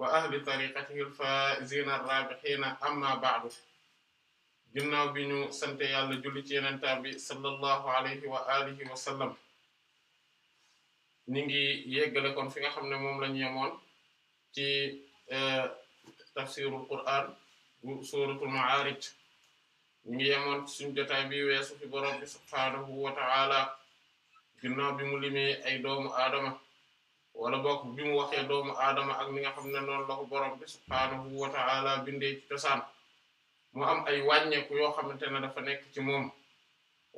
wa ahli tariqatihi al-faa'iziina ar-raabihiina amma ba'du ginnaaw bi ñu sante yàlla julli ci yenentaa bi sallallahu alayhi wa alihi wa sallam ñi ngi yeggale fi nga xam ne moom lañu yemoon ci eh, tafsirul qur'an bu suratul ma'aarij ñi ngi bi weesu fi borom bi subhaanahu wa ta'ala ginnaaw bi limee ay doomu aadama wala bokk bi mu waxee doomu aadama ak mi nga xam ne noonu la ko borom bi subhaanahu wa ta'ala bindee ci cosaan mu am ay wàññeeku yoo xamante ne dafa nekk ci moom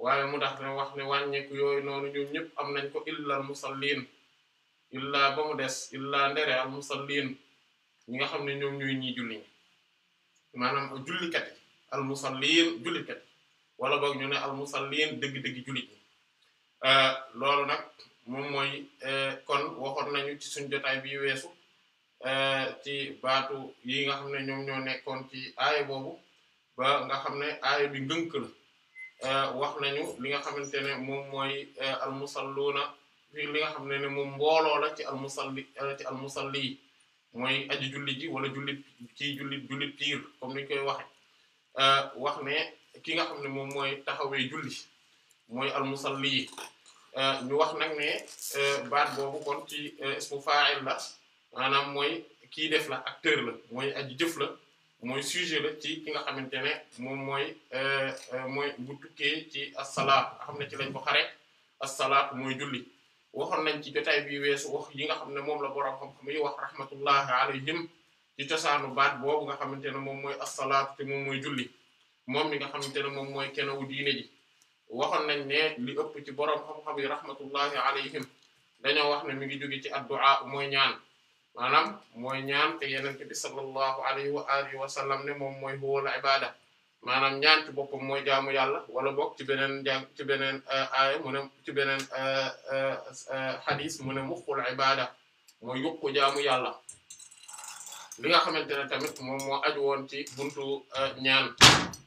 waaye mu tax ne wax ne wàññeeku yooyu noonu ñu ñëpp am nañ ko illal musallin illaa ba mu des illaa ndere al musallin ñi nga xam ne ñoom ñooy ñi julli ñi maanaam jullikat yi al musallin wala boog ñu ne al musallin dëgg-dëgg jullit ñi euh, loolu nag moom mooy euh, kon waxoon nañu ci suñ jotaay bi weesu euh, ci baatu yi nga xam ne ñoom ñoo nekkoon ci aaya boobu nga xam ne aaya bi ngënk la euh, wax nañu li nga xamante ne moom mooy almusalluuna fii li nga xam ne ne moom mbooloo la ci almusalli ci almusalli yi mooy aji julli ji wala jullit ci jullit jullit piir comme niñ koy waxe wax ne ki nga xam ne moom mooy taxawee julli mooy almusalli yi Euh, ñu wax nag ne euh, baat boobu kon ci euh, ismu fa'il la maanaam mooy kii def la acteur la mooy aji jëf la mooy sujet la ci ki nga xamante ne moom mooy mooy bu tukkee ci as-salaat xam na ci lañ ko xare as-salaat mooy julli waxoon nañ ci jotaay bi weesu wax yi nga xam ne moom la borom xam-xam yi wax rahmatullahi alayhim ci cosaanu baat boobu nga xamante ne moom mooy as-salaat te moom mooy julli moom mi nga xamante ne moom mooy kenewu diine ji waxoon nañ ne li ëpp ci borom xam-xam yi rahmatullahi alayhim dañoo wax ne mi ngi jóge ci addu'a mooy ñaan maanaam mooy ñaan te yonent bi sallallahu alayhi wa alihi wa sallam ne moom mooy huwal ibada maanaam ñaan ci boppam mooy jaamu yàlla wala boog ci beneen jàng ci beneen euh, aaya mu ne ci beneen euh, euh, hadis mu ne muxul ibada mooy yokku jaamu yàlla li nga xamante ne tamit moom moo aju woon ci buntu ñaan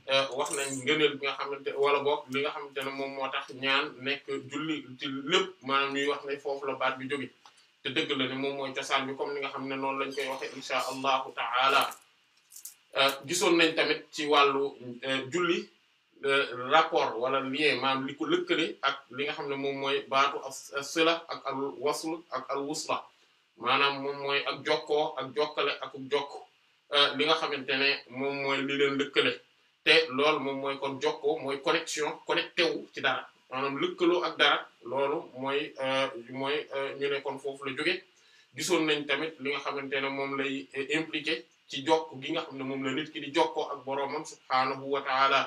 Euh, wax nañ ngëneel bi nga xamante wala boog li nga xamante ne moom moo tax ñaan nekk julli ci lépp maanaam ñuy wax ne foofu la baat bi jóge te dëgg la ne moom mooy cosaan bi comme li nga xam ne noonu lañ koy waxee insha allahu taala euh, gisoon nañ tamit ci wàllu euh, julli rapport wala lien maanaam li ko lëkkale ak li nga xam ne moom mooy baatu as ak al ak al wusla maanaam moom mooy ak jokkoo ak jokkale ak jokk li nga xamante ne moom mooy li leen lëkkale te loolu moom mooy kon jokkoo mooy connexion connecté ci dara maanaam lëkkaloo ak dara loolu mooy euh, mooy euh, ñu kon foofu la jóge gisoon nañ tamit li nga xamante ne moom lay euh, impliqué ci jokk gi nga xam ne moom la nit ki di jokkoo ak boroomam subhaanahu wa ta'ala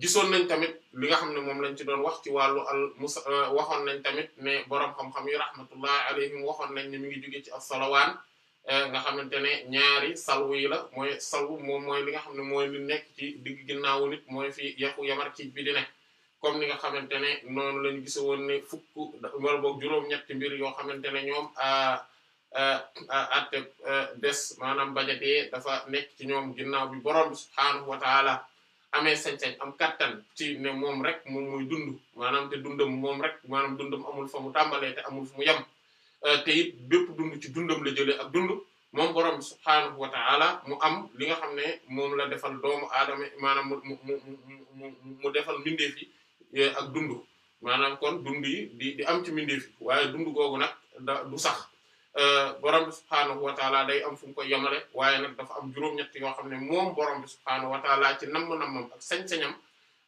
gisoon nañ tamit li nga xam ne moom lañ ci doon wax ci wàllu al musa waxoon nañ tamit ne boroom xam-xam yi rahmatullahi alayhim waxoon nañ ne mi ngi jóge ci as-salawaan Euh, nga xamante ne ñaari salwu yi la mooy salwu moom mooy li nga xam ne mooy li nekk ci digg ginnaawu nit mooy fi yaqu yamar ciij bi di comme ni nga xamante ne noonu lañu gise woon ne fukk wala boog juróom-ñetti mbir yoo xamante ne ñoom atte euh, euh, des maanaam bañ a dee dafa nekk ci ñoom ginnaaw bi borom bi subhaanahu amee sañ-sañ am kattan ci ne moom rek moom muy dund maanaam te dund moom rek maanaam dundam amul fa mu tàmbalee te amul fa mu yem Euh, te it bépp dund ci dundam la jëlee ak dund moom borom subhaanahu wa ta'ala mu am li nga xam ne moom la defal doomu aadama maanaam mu mu mu mu defal mbindeef yi euh, ak dund maanaam kon dund yi di di am ci mbindeef waaye dund googu nag da du sax euh, borom bi subhaanahu wa ta'ala day am fu mu koy yemale waaye nag dafa am juróom-ñett yoo xam ne moom borom bi subhaanahu wa ta'ala ci namm-nammam ak sañ-sañam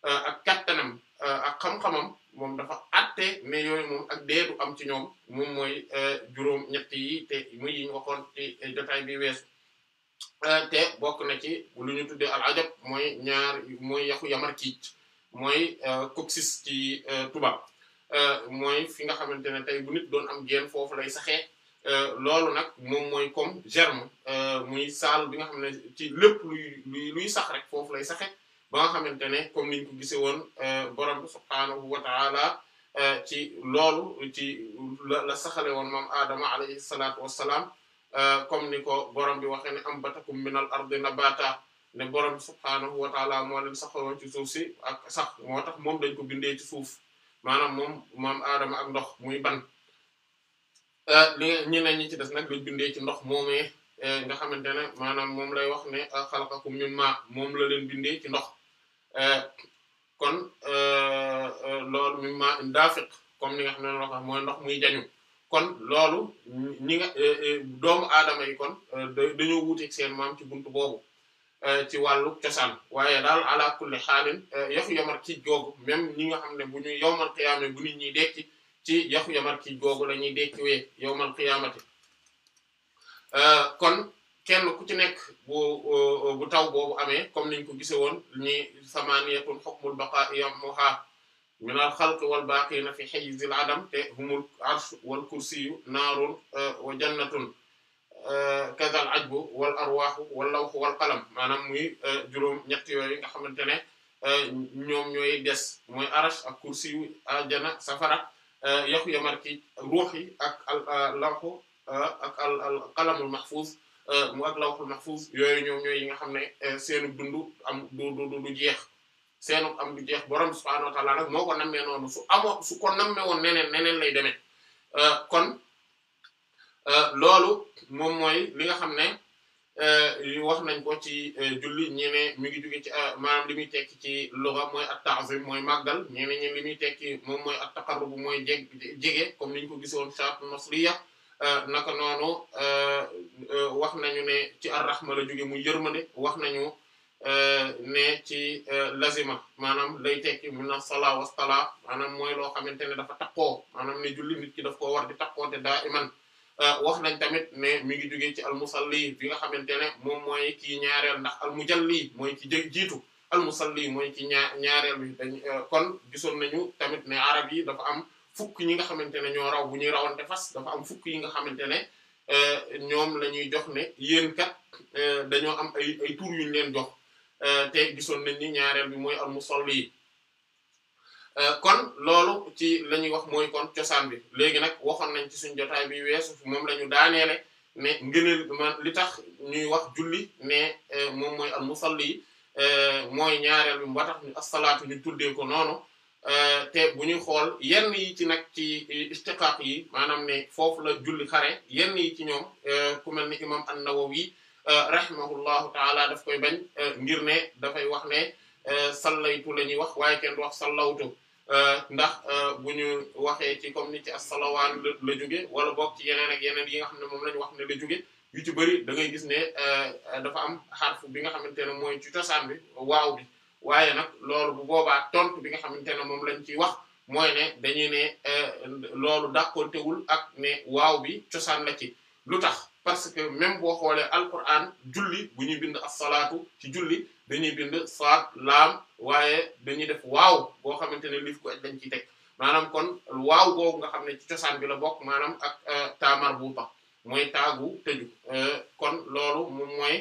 ak kattanam. Euh, ak xam-xamam moom dafa àtte ne yooyu moom ak dee am ci ñoom moom mooy euh, juróom ñett yi te muy yi ñu waxoon ci jotaay bi wees euh, te bokk na ci lu ñu tuddee al ajab mooy ñaar mooy yaxu yamar kiic mooy coccyx ci tubaab mooy fi nga xamante ne tey bu nit doon am geen foofu lay saxee loolu nag moom mooy comme germe muy saal bi nga xam ne ci lépp luy luy luy sax rek foofu lay saxe ba nga xamante ne comme niñ gisee woon euh, borom bi subhaanahu wa ta'ala euh, ci lool ci la saxale woon moom aadama alayhi salaatu wassalaam euh, comme ni ko borom bi waxee ne ambatakum minal ardi nabata ne borom bi subhaanahu wa ta'ala moo leen ci suuf si ak sax moo tax moom dañ ko bindee ci suuf maanaam moom moom aadama ak ndox muy ban li ñi ne ñi ci des nag dañ bindee ci ndox moomee nga xamante ne maanaam moom lay wax ne xalaqakum min ma moom la leen bindee ci ndox Eh, kon eh, eh, loolu mi ma daafiq comme ni nga xam ne loo xam mooy ndox muy jañu kon loolu ñi nga doomu aadama yi kon dañoo wuuteeg seen maam ci buntu boobu ci wàllu cosaan waaye daal ala kulli xaalin yaxu yamar ci googu même ñi nga xam ne bu ñu yowmal qiyaama bu nit ñi dekki ci yaxu yamar ci googu la ñuy dekkiwee yowmal qiyaamati kon kenn ku ci nekk bu uh, bu taw boobu amee comme niñ ko gisee woon ni samaniyatun hukmul baqa'i yamha min al xalq wal baqina fi hayzil adam te humul arsh wal kursiyyu naarun uh, wa jannatun uh, kazal ajbu wal arwaahu wal lawhu wal qalam maanaam muy juróom ñett yooyu nga xamante ne ñoom ñooy des mooy arsh ak kursiyyu ajana safara yaxu yamarki ruux yi ak al lawhu ak al qalamul mahfuz Euh, mu ak lawhul mahfuz yooyu ñoom ñooy yi nga xam ne euh, seenu dund am du du du jeex seenu am du jeex borom subhaanahu wa ta'ala nag moo ko nammee noonu su amoo su ko nammee woon neneen neneen lay deme euh, kon loolu moom mooy li nga xam ne wax nañ ko ci julli ñi ne mi ngi jóge ci maanaam li muy tekki ci lugha mooy at-ta'zim mooy màggal ñeneen ñi li muy tekki moom mooy at-taqarrub mooy jeg jege comme niñ ko gisoon sharh masriya Euh, naka noonu euh, euh, wax nañu ne ci ar-rahma la jóge muy yërmande wax nañu ne ci lazima maanaam lay tekki mun na sala wastala maanaam mooy loo xamante ne dafa takkoo maanaam ne julli nit ki daf koo war di takkoo te daa iman wax nañ tamit ne mi ngi jóge ci almusalli bi nga xamante ne moom mooy kii ñaareel ndax almujalli mooy ci jë jiitu almusalli mooy ci ñaar ñaareel bi kon gisoon nañu tamit ne arab yi dafa am fukk ñi nga xamante ne ñoo raw bu ñuy rawante fas dafa am fukk yi nga xamante ne euh, ñoom la ñuy jox ne yéen kat euh, dañoo am ay ay tur yu ñu leen jox euh, te gisoon nañ ni ñaareel bi mooy al musalli kon loolu ci la ñuy wax mooy kon cosaan bi léegi nag waxoon nañ ci suñu jotaay bi weesu moom la ñu ne ngëneel man li tax ñuy wax julli ne moom mooy al musalli mooy ñaareel bi ba tax ñu as-salaatu ñu tuddee ko noonu. Euh, te bu ñuy xool yenn yi ci nag ci eh, istiqaaq yi maanaam ne foofu la julli xare yenn yi ci ñoom euh, ku mel ni imam an-Nawawi euh, rahimahullahu taala daf koy bañ ngir ne dafay wax ne sallaytu la ñuy wax waaye kenn du wax sallawtu ndax bu ñu waxee ci comme ni ci as-salawaan la wala bokk ci yeneen ak yeneen yi nga xam ne moom lañu wax ne la jóge yu ci bëri da ngay gis ne dafa am xarfu bi nga xamante ne mooy ci cosaan bi waaw bi waaye nag loolu bu boobaa tontu bi nga xamante ne moom lañ ciy wax mooy ne dañuy ne eh, loolu dàqontewul ak ne waaw bi cosaan la ci lu tax parce que même boo xoolee alquran julli bu ñuy bind as-salaatu ci julli dañuy bind saat laam waaye dañuy def waaw boo xamante ne lif ko aj lañ ciy teg maanaam kon waaw googu nga xam ne ci cosaan bi la bokk maanaam ak eh, taamar bu tax mooy taagu tëju eh, kon loolu moom mooy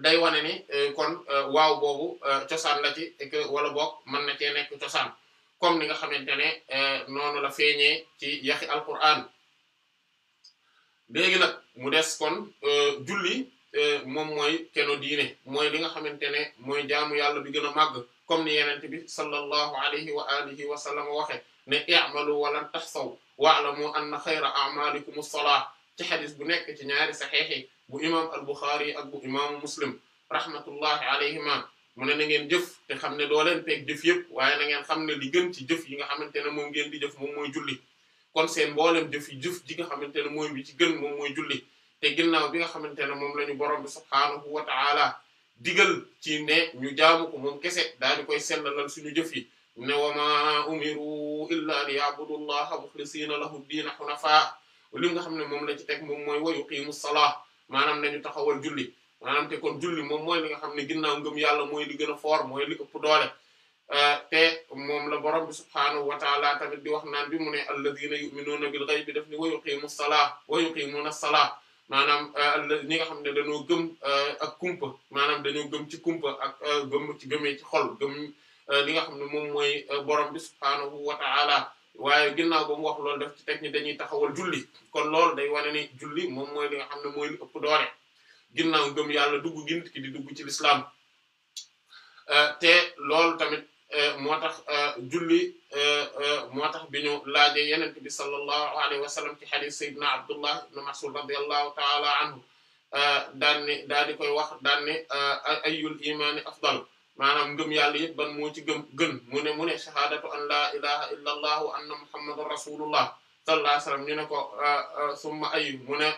day wane ni eh, kon eh, waaw boobu eh, cosaan la ci et wala boog mën na cee nekk cosaan comme ni nga xamante ne noonu la feeñee ci yaxi alquran léegi nag mu des kon julli moom mooy keno diine mooy li nga xamante ne mooy jaamu yàlla bi gën a màgg comme ni yenent bi sallallahu alayhi wa alihi wa sallam waxe ne i'malu walan tahsaw wa'lamu anna xayra a'malikum as-salah ci xadis bu nekk ci ñaari saxiix bu imam al Bukhari ak bu imam Muslim rahmatullahi alayhima mu ne na ngeen jëf te xam ne doo leen teg jëf yëpp waaye na xam ne li gën ci jëf yi nga xamante ne moom ngeen di jëf moom mooy julli kon seen mboolem jëf yi jëf ji nga xamante ne mooy bi ci gën moom mooy julli te ginnaaw bi nga xamante ne moom la ñu borom bi subhaanahu wa ta'ala digal ci ne ñu jaamu ko moom kese daal di koy sellalal suñu jëf yi ne wa ma umiru illa li ya'budu allaha mukhlisina lahu diina hunafa li nga xam ne moom la ci teg moom mooy wa yuqimu salah maanaam ñu taxawal julli maanaam te kon julli moom mooy li nga xam ne ginnaaw ngëm yàlla mooy li gën a foor mooy li ëpp doole euh, te moom la borom bi subhaanahu wa taala tamit di wax naan bi mu ne alladhina yu'minuna bil ghaibi daf ni wa yuqimu salaa wa na salaa maanaam euh, ñi nga xam ne dañoo gëm euh, ak kumpa maanaam dañoo gëm ci kumpa ak gëm ci gëmee ci xol gëm li nga xam ne moom mooy borom bi subhaanahu wa taala waaye ginnaaw ba mu wax loolu def ci teg ñi dañuy taxawal julli kon loolu day wane ni julli moom mooy li nga xam ne mooy li ëpp doole ginnaaw gëm yàlla dugg gi nit ki di dugg ci lislaam euh, te loolu tamit euh, moo tax euh, julli moo tax bi ñu laaje yenent bi sallallahu alayhi wa sallam ci abdullah ibn mas'ud radiyallahu ta'ala anhu daan ne daal di koy wax daan ne ayyul imaani afdal maanaam ngëm yàlla yëpp ban moo ci gëm gën mu ne mu ne shahaadatu an laa ilaha illa allah wa anna muhammadan rasulullah sallallahu alayhi wasallam ñu ne ko ah, ah, summa ay mu ne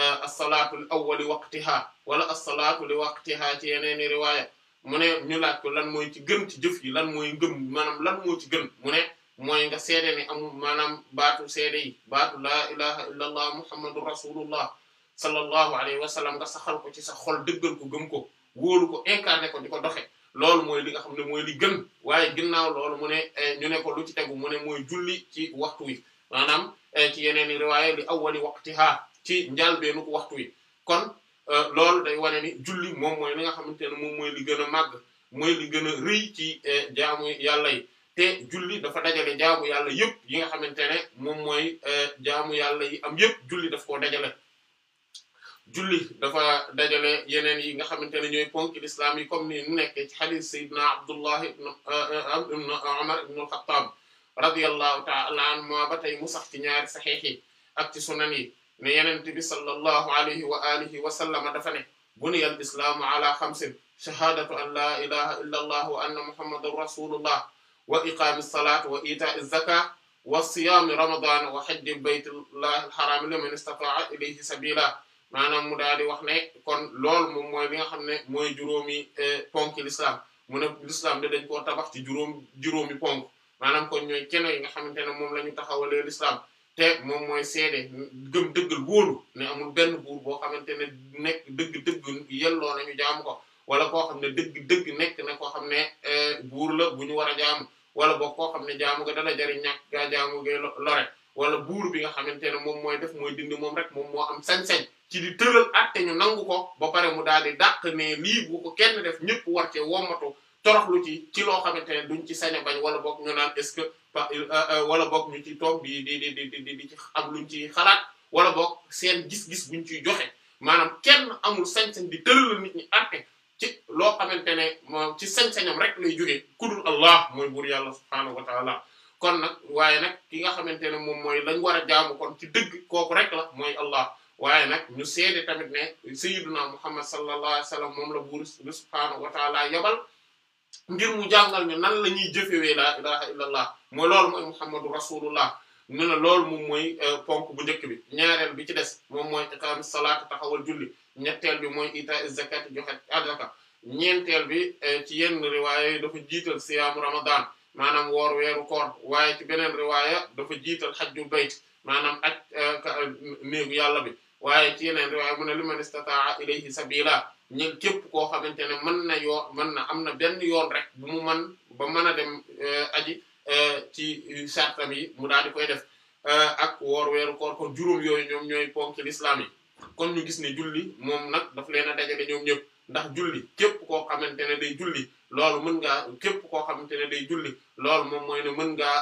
ah, as-salaatu li awwali waqtiha wala as-salaatu li waqtiha ci yeneeni riwaaya mu ne ñu ko lan mooy ci gën ci jëf yi lan mooy ngëm maanaam lan moo ci gën mu ne mooy nga seede ne amul maanaam baatu seede yi baatu laa ilaha illa allah muhammadan rasulullah sallallahu alayhi wasallam nga saxal ko ci sa xol dëggal ko gëm ko wóolu ko incarné ko di ko doxe ne mooy li gën waaye ginnaaw loolu mu ne eh, ñu ne ko lu ci tegu mu ne mooy julli ci waxtu wi maanaam eh, ci yeneen i riwaaya li awwali waqtiha ci njàlbeenu waxtu wi kon eh, loolu day wane ni julli moom mooy li nga xamante ne moom mooy li gën a màgg mooy li gën a rëy ci jaamu yàlla yi te julli dafa dajale jaamu yàlla yëpp yi nga xamante ne moom mooy jaamu yàlla yi am yëpp julli daf koo dajale julli dafa dajale yeneen yi nga xamante ne ñooy ponk l'islam yi comme ni mu nekkee ci hadith sayyidina Abdullah uh, uh, ibn Umar ibn al-Khattab radiyallahu ta'ala anhuma ba tey mu sax ci ñaari saxiix yi ak ci sunan yi ne yenente bi sallallahu alayhi wa alihi wa sallama dafa ne buniya al islaamu ala xamsin shahaadatu an la ilaha illa allah wa anna muhammadan rasulullah wa iqaami salaat wa itaai zakat wa siyaami ramadan wa hajji baytillahi al haram liman istata'a ilayhi sabila maanaam mu daal di wax ne kon loolu moom mooy li nga xam ne mooy juróomi eh, ponk l'islam mu ne l'islam de dañ koo tabax ci juróom juróomi ponk maanaam kon ñooy keno yi nga xamante ne moom la ñu taxawalee l'islam te moom mooy seede gëm dëggal wóolu ne amul benn buur boo xamante ne nekk dëgg-dëgg yelloo nañu jaamu ko wala koo xam ne dëgg-dëgg nekk na koo xam ne eh, buur la bu ñu war a jaamu wala book koo xam ne jaamu ga dana jariñ ñàkk gaa jaamu ga lore wala buur bi nga xamante ne moom mooy def mooy dindi moom rek moom moo am sañ-sañ ci di tëral atte ñu nangu ko ba pare mu daal di dàq ne lii bu ko kenn def ñëpp war cee wommatu toroxlu ci ci loo xamante ne duñ ci sañ bañ wala boog ñu est-ce que euh, euh, euh, wala boog ñu ci toog di di di di di ci am luñ ci xalaat wala boog seen gis-gis buñ ciy joxe maanaam kenn amul sañ-sañ di tëral nit ñi atte ci loo xamante ne moom ci sañ-sañam rek lay jógee kudul Allah mooy buur yàlla subhaanahu wa ta'ala kon nag waaye nag ki nga xamante ne moom mooy lañ war a jaamu kon ci dëgg kooku rek la mooy Allah waaye nag ñu seede tamit ne sayyiduna muhammad sallallahu alayhi wa sallam moom la buur bi yabal ngir mu jàngal ñu nan lañuy ñuy jëfewee laa ilaha moo lool loolu mooy muhammadu rasulullah mu ne loolu moom mooy euh, ponk bu njëkk bi ñaareel bi ci des moom mooy iqaam salaat taxawal julli ñetteel bi mooy ita zakat joxe azaka ñeenteel bi euh, ci yenn riwaaya yi dafa jiital siyaamu ramadan maanaam woor weeru koor waaye ci beneen riwaaya dafa jiital xajju bayt maanaam aj euh, néegu yàlla bi waaye ci yeneen waaye mu ne liman istataa ilayhi sabila ñu képp koo xamante ne mën na yoo mën na am na benn yoon rek bu mu man ba mën a dem eh, aji eh, ci sartam yi mu daal di koy def eh, ak woor weeru koor kon juróom yooyu ñoom ñooy ponk ci lislaam kon ñu gis ne julli moom nag daf leen a dajale ñoom ñëpp ndax julli képp koo xamante ne day julli loolu mën ngaa képp koo xamante ne day julli loolu moom mooy ne mën ngaa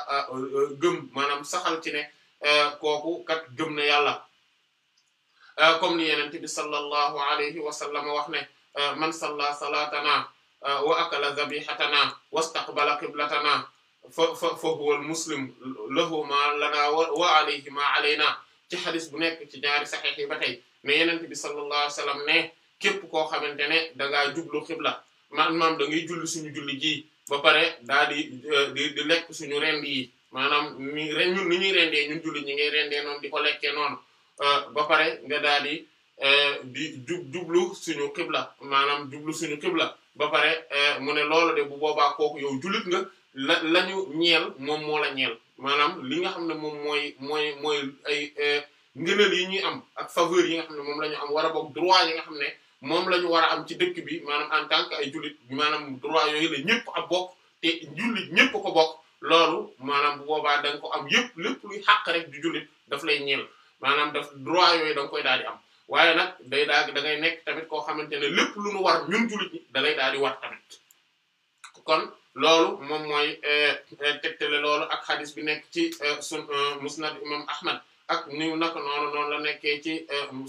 gëm maanaam saxal ci ne kooku kat gëm na yàlla Euh, comme ni yenente bi sallallahu alayhi wa sallam wax ne euh, man sala salatana euh, wa akala zabihatana wastaqbala qiblatana fa fa fa huwa al muslim lahu ma lana wa alayhi ma alayna ci xadis bu nekk ci ñaari saxiix yi ba tey mais yenente bi sallallahu alayhi wa sallam ne képp koo xamante ne da ngaa jublu xibla mam da ngay julli suñu julli ji ba pare daal di lekk suñu rend yi maanaam ni ren ñun ni ñuy rendee ñun julli ñi ngay rendee noonu di ko lekkee noonu Euh, ba pare nga daal di euh, di jublu suñu xibla maanaam jublu suñu xibla ba pare euh, mu ne loolu de bu boobaa kook yow julit nga la lañu ñu ñeel moom moo la ñeel maanaam li nga xam ne moom mooy mooy mooy ay ngëneel yi ñuy am ak faveur yi nga xam ne moom la ñu am war a bokk droit yi nga xam ne moom lañu ñu war a am ci dëkk bi maanaam en tant que ay jullit maanaam droit yooyu la ñëpp a bokk te jullit ñëpp ko bokk loolu maanaam bu boobaa da nga ko am yëpp lépp luy xàq rek du jullit daf lay ñeel. maanaam daf droit yooyu da nga koy daal am waaye nag day daal dangay ngay nekk tamit koo xamante ne lépp lu nu war ñun jullit ñi daal di war tamit kon loolu moom mooy eh, eh, tegtale loolu ak xadis bi nekk ci eh, sun musnad imam ahmad ak ni naka noonu noonu la nekkee ci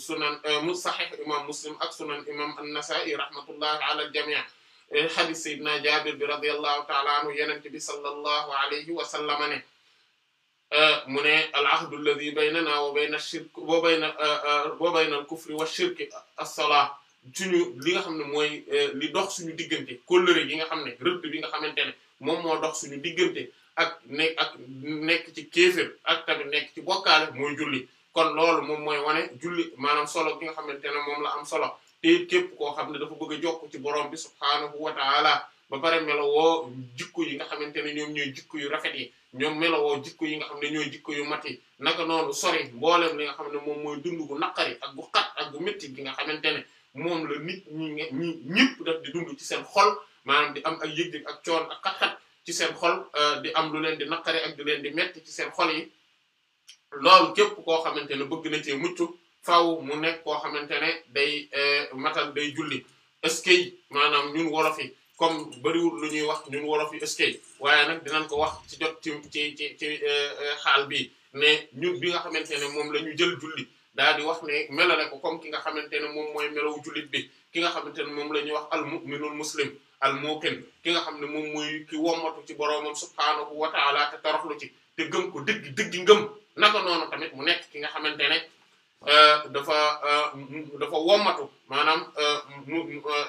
sunan mu saxix imam muslim ak sunan imam an-nasa'i rahmatullahi ala al-jami' xadis sayyidina jabir bi radiyallahu ta'ala anhu yenente bi sallallahu alayhi wa ne mu ne al ahdu alladhi baynana wa bayna shirk wa bayna euh, wa bayna al kufri wa shirki as-salah li nga xam ne mooy euh, li dox suñu diggante kóllëre yi nga xam ne rëdd bi nga xamante ne moom moo dox suñu diggante ak ne ak nekk ci kéefër ak tamit nekk ci bokkaale mooy julli kon loolu moom mooy wane julli maanaam solo bi nga xamante ne moom la am solo te képp koo xam ne dafa bëgg a jokk ci borom bi subhaanahu wa ta'ala ba pare melo woo jikko yi nga xamante ne ñoom ñooy jikko yu rafet yi ñoom melowoo jikko yi nga xam ne ñooy jikko yu mat yi naka noonu sori mboolem li nga xam ne moom mooy dund gu naqari ak gu xat ak gu métti gi nga xamante ne moom la nit ñi ñi ñëpp daf di dund ci seen xol maanaam di am ak coon ak xat-xat ci seen xol euh, di am lu leen di naqari ak di leen di metti ci seen xol yi loolu képp koo xamante ne bëgg na cee mucc faw mu nekk koo xamante ne day euh, matal day julli est-ce que maanaam ñun wolof comme bariwul lu ñuy wax ñun wolof yi eskay waaye nag dinañ ko wax ci jot ci ci ci ci euh, euh, xaal bi ne ñun bi nga xamante ne moom la ñu jël julli daal di wax ne melale ko comme ki nga xamante ne moom mooy melawu jullit bi ki nga xamante ne moom la ñuy wax al mu'minul muslim al muqin ki nga xam ne moom muy ki wommatu ci boroomam subhaanahu wa ta'ala te toroxlu ci te gëm ko dëgg dëgg ngëm naka noonu tamit mu nekk ki nga xamante ne Euh, dafa euh, dafa wommatu maanaam euh,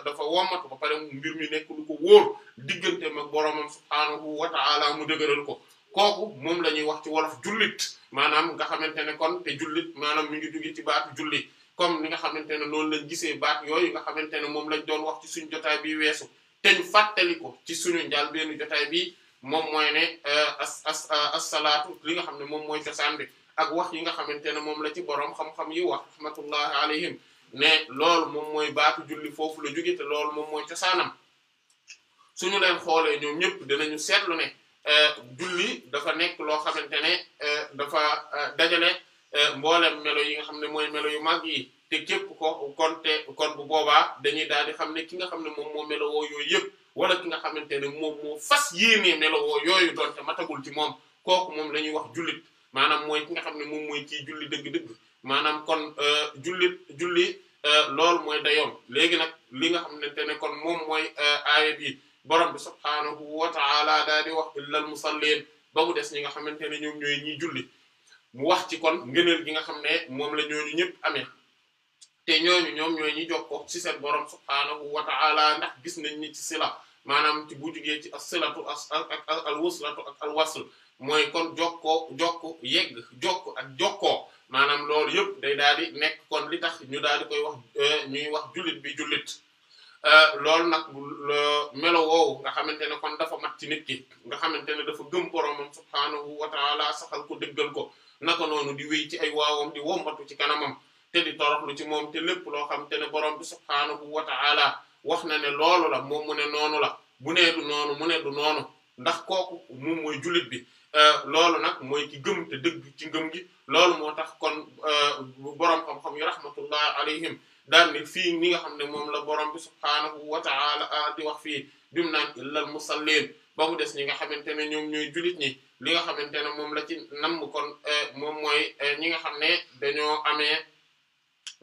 dafa wommatu ba pare mbir mi nekk lu ko wóor diggante mag boroomam subhaanahu wa ta'ala mu dëgëral ko kooku moom la ñuy wax ci wolof jullit maanaam nga xamante ne kon te jullit maanaam mi ngi jóge ci baatu julli comme ni nga xamante ne noonu lañ gisee baat yooyu nga xamante ne moom lañ doon wax ci suñu jotaay bi weesu te ñu fàttali ko ci suñu njaal benn jotaay bi moom mooy ne as as salaatu li nga xam ne moom mooy cosaan bi ak wax yi nga xamante ne moom la ci borom xam-xam yi wax rahmatullahi alayhim ne loolu moom mooy baatu julli foofu la jóge te loolu moom mooy cosaanam suñu leen xoolee ñoom ñëpp dinañu seetlu ne euh, julli dafa nekk loo xamante ne euh, dafa euh, dajale mboolem melo yi nga xam ne mooy melo yu mag yi te jëpp ko kon kon bu boobaa dañuy daal di xam ne ki nga xam ne moom moo melo yooyu yëpp wala ki nga xamante ne moom moo fas yéenee melo woo yooyu doonte matagul ci moom kooku moom la ñuy wax jullit maanaam mooy ki nga xam ne moom mooy kii julli dëgg-dëgg maanaam kon euh, julli julli euh, loolu mooy dayoom léegi nag li nga xam ne kon moom mooy euh, aaya bi borom bi subhaanahu wa ta'ala daa di wax illal musallin ba mu des ñi nga xamante ne ñoom ñooy ñi julli mu wax ci kon ngëneel gi nga xam ne moom la ñooñu ñëpp amee te ñooñu ñoom ñooy ñi jokkoo si seen borom subhaanahu wa ta'ala ndax gis nañ ni ci sila maanaam ci bu jugee ci as-silatu ak al wuslatu ak al mooy kon jokkoo jokk yegg jokk ak jokkoo maanaam loolu yëpp day daal di nekk kon li tax ñu daal di koy wax euh, ñuy wax jullit bi jullit euh, loolu nag melo woowu nga xamante ne kon dafa mat ci nit ki nga xamante ne dafa gëm boromam subhaanahu wa taala saxal ko dëggal ko naka noonu di wéy ci ay waawam di wombatu ci kanamam te di toroxlu ci moom te lépp loo xamante ne borom bi subhaanahu wa taala wax na ne loolu la moom mu ne noonu la bu nee du noonu mu ne du noonu ndax kooku moom mooy jullit bi Euh, loolu nag mooy ki gëm te dëgg ci ngëm gi loolu moo tax kon euh, borom xam-xam yi rahmatullah alayhim daan ni fii ñi nga xam ne moom la borom bi subhaanahu wa ta'ala euh, di wax fii bim naa illal musallin ba mu des ñi nga xamante ne ñoom ñooy jullit ñi li nga xamante ne moom la ci namm kon moom mooy ñi nga xam ne dañoo amee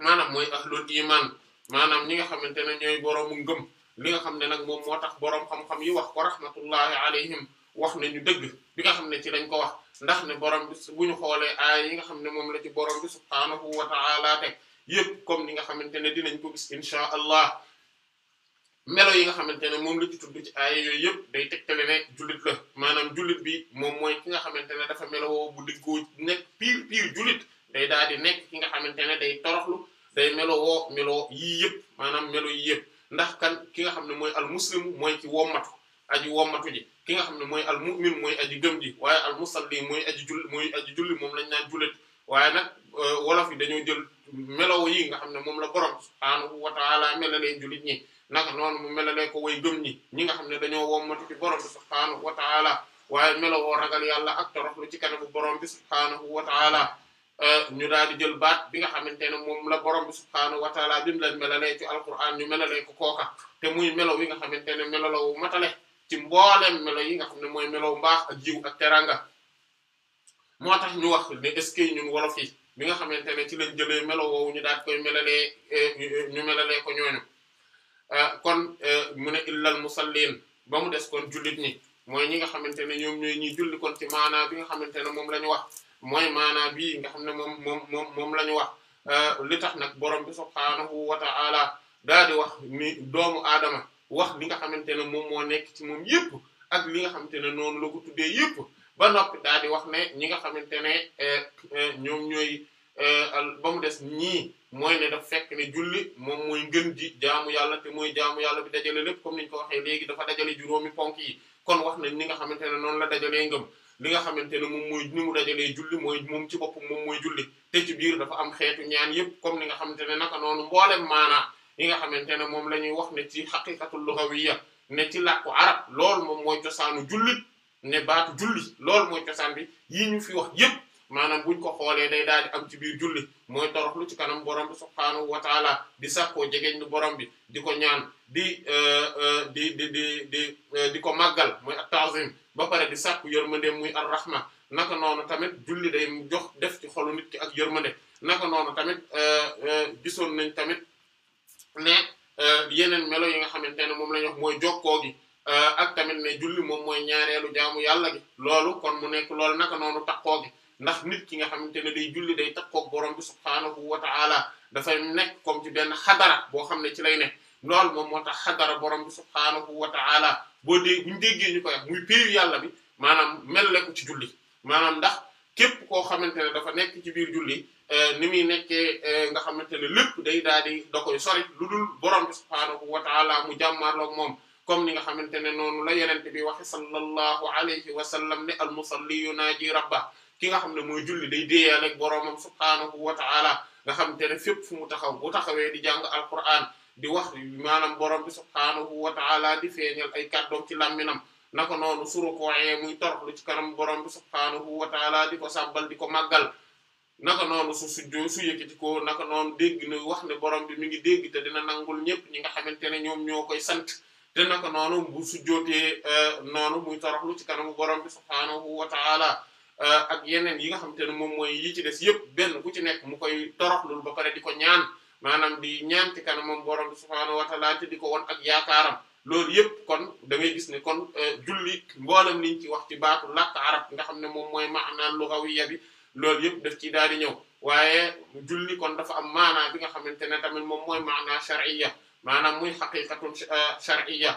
maanaam mooy ahlul iman maanaam ñi nga xamante ne ñooy boroomu ngëm li nga xam ne nag moom moo tax boroom xam-xam yi wax ko rahmatullahi alayhim wax nañu dëgg bi nga xam ne ci lañ ko wax ndax ne borom bi bu ñu xoolee aaya yi nga xam ne moom la ci borom bi subhaanahu wa ta'ala teg yëpp comme ni nga xamante ne dinañ ko gis insha allah melo yi nga xamante ne moom la ci tudd ci aaya yooyu yëpp day la maanaam jullit bi moom ki nga xamante ne dafa melo woo bu diggoo nekk pire pire jullit day daal di nekk ki nga xamante ne day toroxlu day melo woo melo yii yëpp maanaam melo yii yëpp ndax kan ki nga xam ne mooy al mooy ci wommatu aji wommatu ji ki nga xam ne mooy al mu'min mooy aji gëm ji waaye al musalli mooy aji julli mooy aji julli moom lañ naan jullit waaye nag euh, wolof yi dañoo jël melow yi nga xam ne moom la borom subhaanahu wa ta'ala melalee jullit ñi naka noonu mu melalee ko way gëm ñi ñi nga xam ne dañoo wommatu ci borom bi subhaanahu wa ta'ala waaye melowoo ragal yàlla ak toroxlu ci kanamu borom bi subhaanahu wa ta'ala euh, ñu daal di jël baat bi nga xamante ne moom la borom bi subhaanahu wa ta'ala bi mu leen melalee ci alquran ñu melalee ko kooka te muy melaw yi nga xamante ne melalawu matale ci mbooleem melo yi nga xam ne mooy melow mbaax ak yiw a teranga moo tax ñu wax ne est-ce que ñun wolof yi bi nga xamante ne ci lañ jëlee melo woowu ñu daal koy melalee eh, ñu melalee ko ñooñu euh, kon euh, mu ne illal musallin ba mu des kon jullit ñi mooy ñi nga xamante ne ñoom ñooy ñuy julli kon ci maanaa bi nga xamante ne moom la ñu wax mooy maanaa bii nga xam ne moom moom moom moom la ñu wax euh, li tax nag borom bi subhaanahu wa ta'ala daal di wax ni doomu aadama wax li nga xamante ne moom moo nekk ci moom yëpp ak li nga xamante ne noonu la ko tuddee ba noppi di wax ne ñi nga xamante ne eh, eh, ñoom ñooy eh, ba mu des ñii mooy ne daf fekk ne julli moom mooy ngën ji jaamu yàlla mooy jaamu yàlla bi dajale lépp comme ni ñu ko waxee léegi dafa dajale juróomi ponk yi kon wax nañ nga xamante ne noonu la dajalee ngëm li nga xamante ne moom mooy ni mu dajalee julli mooy moom ci bopp moom mooy julli te ci biir dafa am xeetu ñaan yëpp comme ni nga xamante ne naka noonu mboolem maanaa yi nga xamante ne moom la ñuy wax ne ci xaqiqatul lughawiyya ne ci làkku arab loolu moom mooy cosaanu jullit ne baatu julli loolu mooy cosaan bi yii ñu fi wax yépp maanaam buñ ko xoolee day daal di am ci biir julli mooy toroxlu ci kanam borom bi subhaanahu wa di sàkkoo jegeñ lu borom bi di ko ñaan di euh, euh, di di di di euh, di ko màggal mooy at-ta'zim ba pare di sàkku yërmande muy ar naka noonu tamit julli day jox def ci xolu nit ki ak yërmande naka noonu tamit gisoon nañ tamit ne euh, yeneen melo yi nga xamante ne moom la ñu mooy jokkoo gi euh, ak tamit ne julli moom mooy ñaareelu jaamu yàlla gi loolu kon mu nekk loolu naka noonu takkoo gi ndax nit ki nga xamante ne day julli day takkoo borom bi subhaanahu wa ta'ala dafay nekk comme ci benn xadara boo xam ne ci lay ne loolu moom moo tax xadara borom bi subhaanahu wa ta'ala boo dee buñu déggee ñu koy muy péeyu yàlla bi maanaam mel ko ci julli maanaam ndax képp koo xamante ne dafa nekk ci biir julli eh, ni muy nekkee eh, nga xamante ne lépp day daal di da koy sori lu dul borom bi subhaanahu wa taala mu jàmmaarloog moom comme ni nga xamante ne noonu la yenente bi waxe sallallahu alayhi wa sallam ne al musalli yunaaji rabba ki nga xam ne mooy julli day déeyaaleeg boroomam subhaanahu wa taala nga xamante ne fépp fu mu taxaw bu taxawee di jàng alquran di wax maanaam borom bi subhaanahu wa taala di feeñal ay kàddoom ci làmminam naka noonu surukooyee muy toroxlu ci kanam borom bi subhaanahu wa taala di ko sàbbal di ko màggal naka noonu su sujjoo su yëkkati ko naka noonu dégg na wax ne borom bi mi ngi dégg te dina nangul ñépp ñi nga xamante ne ñoom ñoo koy sant te naka noonu bu sujjootee euh, noonu muy toroxlu ci kanamu borom bi subhaanahu wa taala euh, ak yeneen yi nga xamante ne moom mooy yi ci des yépp benn ku ci nekk mu koy toroxlul ba pare di ko ñaan maanaam di ñaan ci kanamam borom bi subhaanahu wa taala te di ko won ak yaakaaram loolu yëpp kon da ngay gis ne kon euh, julli mboolem liñ ci wax ci baatu làkk arab nga xam ne moom mooy maanaa lughawiyya bi loolu yëpp daf ciy daal di ñëw waaye julli kon dafa am maanaa bi nga xamante ne tamit moom mooy maanaa shar'iyya maanaam muy xaqiqatun euh, shar'iyya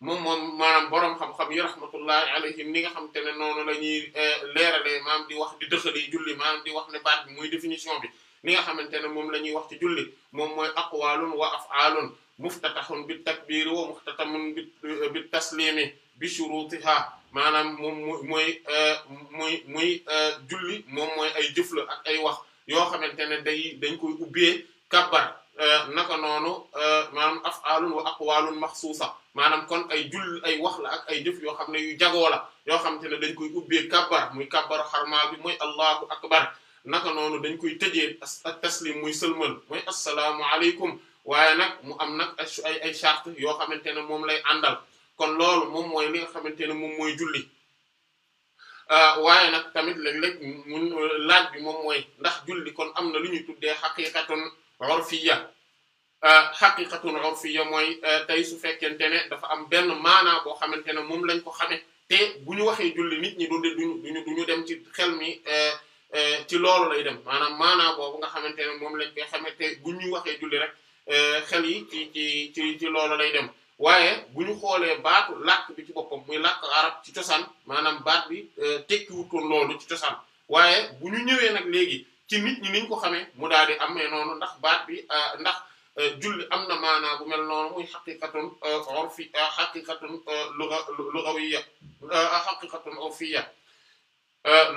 moom moom maanaam borom xam-xam yi rahmatullahi alayhim ni nga xamante ne noonu la ñuy euh, leeralee maanaam di wax di dëxalee julli maanaam di wax ne baat bi muy définition bi ni nga xamante ne moom la ñuy wax ci julli moom mooy aqwalun wa af'alun muftatahun bit takbiri wa muhtatamun bit euh, taslimi bi shurutiha maanaam moom mooy euh, muy muy euh, julli moom mooy ay jëf ak ay wax yoo xamante ne day dañ koy ubbee kabbar naka noonu maanaam af'alun wa aqwalun maxsuusa maanaam kon ay julli ay wax la ak ay jëf yoo xam ne yu jagoo la yoo xamante ne dañ koy ubbee kabbar muy kabbaru xarmaa bi mooy allahu akbar naka noonu dañ koy tëjee ak taslim muy sëlmal muy assalaamu aleykum waaye nag mu am nag ay ay charte yoo xamante ne moom lay àndal kon loolu moom mooy li nga xamante ne moom mooy julli ah, waaye nag tamit léeg-léeg laaj bi moom mooy ndax julli kon am na lu ñuy tuddee xaqiqatun urfiyya ah, xaqiqatun urfiyya mooy eh, tey su fekkente ne dafa am benn maanaa boo xamante ne moom lañ ko xame bu ñu waxee julli nit ñi duñu duñu dem ci xel mi eh, eh, ci loolu lay dem maanaam maanaa boobu nga xamante ne moom lañ koy xame te bu ñu waxee julli rek Euh, xel yi ci ci ci ci loolu lay dem waaye bu ñu xoolee baatu làkk bi ci boppam muy làkk arab ci cosaan maanaam baat bi euh, tekkiwut ko loolu ci cosaan waaye bu ñu ñëwee nag léegi ci nit ñi niñ ko xamee mu daal di amee noonu ndax baat bi euh, ndax julli am na maanaa mel noonu muy xaqiqatun urfi xaqiqatun lugha lughawiyya xaqiqatun urfiyya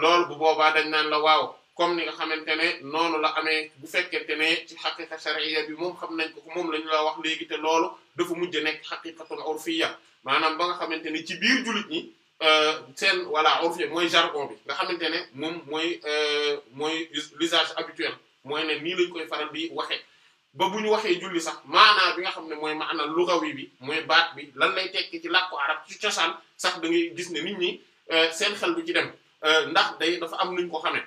loolu bu boobaa dañ naan la waaw comme ni nga xamante ne noonu la amee bu fekkente ne ci xaqiqa shar'iyya bi moom xam nañ ko moom la ñu la wax léegi te loolu dafa mujj nekk xaqiqatul urfiyya maanaam ba nga xamante ne ci biir jullit ñi euh, seen wala urfiyya mooy jargon bi nga xamante ne moom mooy euh, mooy l'usage habituel mooy ne nii lañ koy faral di waxee ba bu ñu waxee julli sax maanaa bi nga xam ne mooy maana lugawi bi mooy baat bi lan lay tekki ci làkku arab ci cosaan sax da gis ne nit ñi euh, seen xel du ci dem ndax day dafa am nuñ ko xamee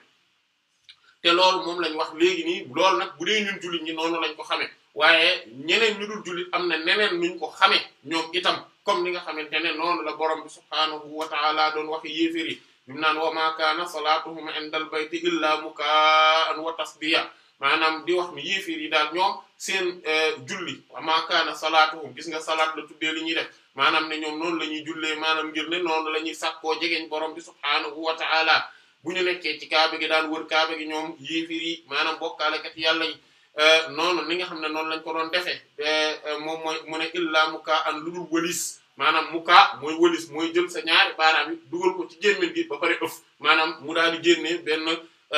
te loolu moom lañ wax léegi nii loolu nag bu dee ñun juli ñi noonu lañ ko xamee waaye ñeneen ñu dul jullit am na neneen nuñ ko xamee ñoom itam comme ni nga xamante ne noonu la borom bi subhaanahu wa ta'ala doon wax yéefér yi bimu naan wa ma kaana salaatuhum indal bayti illa mukaan wa tasdiya maanaam di wax ni yi daal ñoom seen euh, julli wa ma kaana salaatuhum gis nga salaat la tuddee li ñuy def maanaam ne ñoom noonu la ñuy jullee maanaam ngir ne noonu la ñuy sàkkoo jegeeñ borom bi subhaanahu wa ta'ala bu ñu nekkee ci kaaba gi daan wër kaaba gi ñoom yéefir yi maanaam bokkaalekat yàlla yi euh, noonu li nga xam ne noonu lañ ko doon defee euh, moom mooy mu ne illa muka an lu dul wëlis maanaam muka mooy wëlis mooy jël sa ñaari baaraam yi dugal ko ci gémmiñ gi ba pare ëf maanaam mu daal di génne benn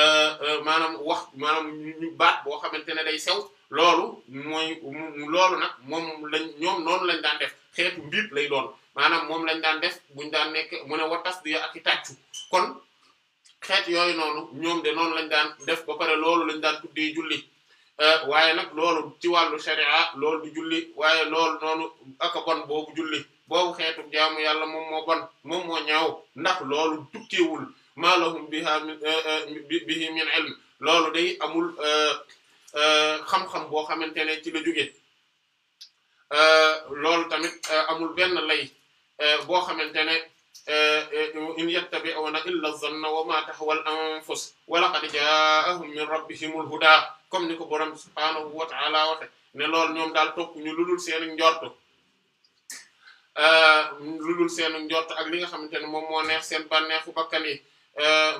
euh, maanaam wax maanaam ñu baat boo xamante ne day sew loolu mooy loolu nag moom lañ ñoom noonu lañ daan def xeetu mbiib lay doon maanaam moom lañ daan def buñ daan nekk mu ne watas di ak i tàccu kon xeet yooyu noonu ñoom de noonu lañ daan def ba pare loolu lañ daan tuddee julli euh, waaye nag loolu ci wàllu sharia loolu di julli waaye lool noonu aka bon boobu julli boobu xeetu jaamu yàlla moom moo bon moom moo ñaaw ndax loolu tukkeewul maa lahum biha euh, euh, bihi min ilm loolu day amul xam-xam boo xamante ne ci la jóge loolu tamit amul benn lay boo xamante ne Eh, eh, in yattabi'una illa zanna wa ma tahwal anfus wa laqad ja'ahum min rabbihimul huda comme ni ko borom subhaanahu wa ta'ala waxe ne loolu ñoom daal topp ñu lulul seen njort eh, lulul seen njort ak li nga xamante ne moom moo neex seen bànneexu bakkan yi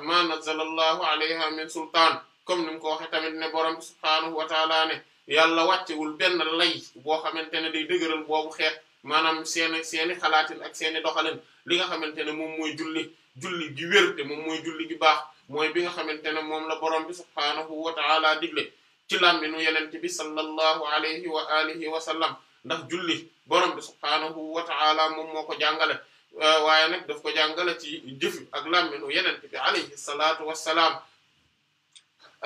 ma nazzalallahu alayha min sultaan comme ni mu ko waxe tamit ne borom subhaanahu wa ta'ala ne yàlla wàccewul benn lay boo xamante ne day dëgëral boobu xeet maanaam seeni seeni xalaatin ak seeni doxalin li nga xamante ne moom mooy julli julli gi wér te moom mooy julli gi baax mooy bi nga xamante ne moom la borom bi subhaanahu wa ta'ala digle ci làmmiñu yenente bi sallallahu alayhi wa alihi wa sallam ndax julli borom bi subhaanahu wa ta'ala moom moo ko jàngale euh, waaye nag daf ko jàngale ci jëf ak làmmiñu yenente bi alayhi salaatu wassalaam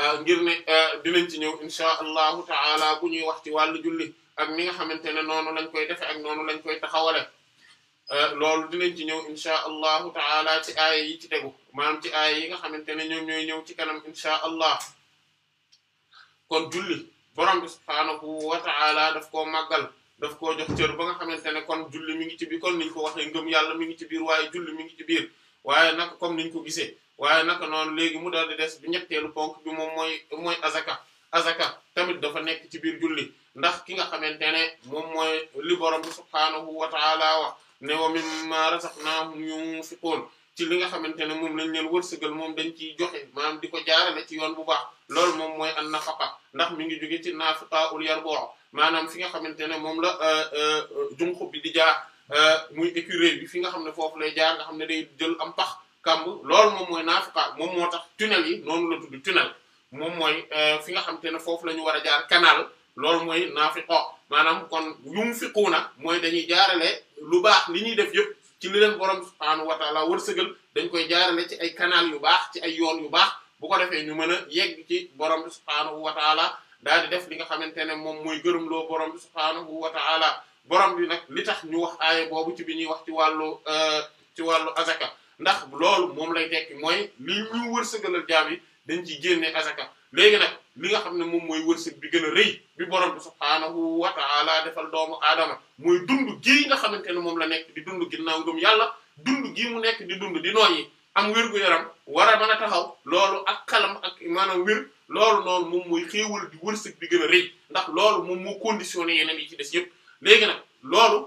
euh, ngir ne euh, dinañ ci ñëw insha allahu ta'ala bu ñuy wax ci wàllu julli ak ni nga xamante ne noonu lañ koy defe ak noonu lañ koy taxawale Euh, loolu dinañ ci ñëw incha allahu taala ci aaya yi ci tegu maanaam ci aaya yi nga xamante ne ñoom ñooy ñëw ci kanam incha allah kon julli borom bi subhaanahu wa taala def koo màggal def koo jox cër ba nga xamante ne kon julli mi ngi ci biir kon niñ ko waxee ngëm yàlla mi ngi ci biir waaye julli mi ngi ci biir waaye nag comme niñ ko gisee waaye naka noonu léegi mu daal di des bi ñetteelu ponk bi moom mooy mooy azaka azaka tamit dafa nekk ci biir julli ndax ki nga xamante ne moom mooy li borom bi subhaanahu wa taala wax ne wa mimmaa razaqnaahum yunfiqoon ci li nga xamante ne moom lañ leen wërsëgal moom dañ ciy joxe maanaam di ko jaarale ci yoon bu baax loolu moom mooy an nafaqa ndax mi ngi jóge ci nafaqa ul yarbu' maanaam fi nga xamante ne moom la euh, euh, junq bi di jaar euh, muy écureuil bi fi nga xam ne foofu lay jaar nga xam ne day jël am pax kàmb lool moom mooy nafaqa moom moo tax tunnel yi noonu la tudd tunnel moom mooy fi nga xamante ne foofu la ñu war a jaar canal loolu mooy naafiqo maanaam kon yunfiquuna mooy dañuy jaarale lu baax li ñuy def yëpp ci li leen borom subhaanahu wa taala wërsëgal dañ koy jaarale ci ay canal yu baax ci ay yoon yu baax bu ko defee ñu mën a yegg ci borom bi subhaanahu wa taala daal di def li nga xamante ne moom mooy loo borom bi subhaanahu wa taala borom bi nag li tax ñu wax aaye boobu ci bi ñuy wax ci wàllu euh, ci wàllu azaka ndax loolu moom lay tekki mooy li ñu wërsëgalal jaam yi dañ ciy génne azaka léegi nag li nga xam ne moom mooy wërsëg bi gën a rëy bi boroom bi subhaanahu wa ta'ala defal doomu aadama mooy dund gii nga xamante ne moom la nekk di dund ginnaaw yàlla dund gii mu nekk di dund di nooyi am wér yaram war a taxaw loolu ak xalam ak maanaam wér loolu noonu moom mooy xéewal di wërsëg bi gën a rëy ndax loolu moom moo conditionné yeneen yi ci des yëpp léegi nag loolu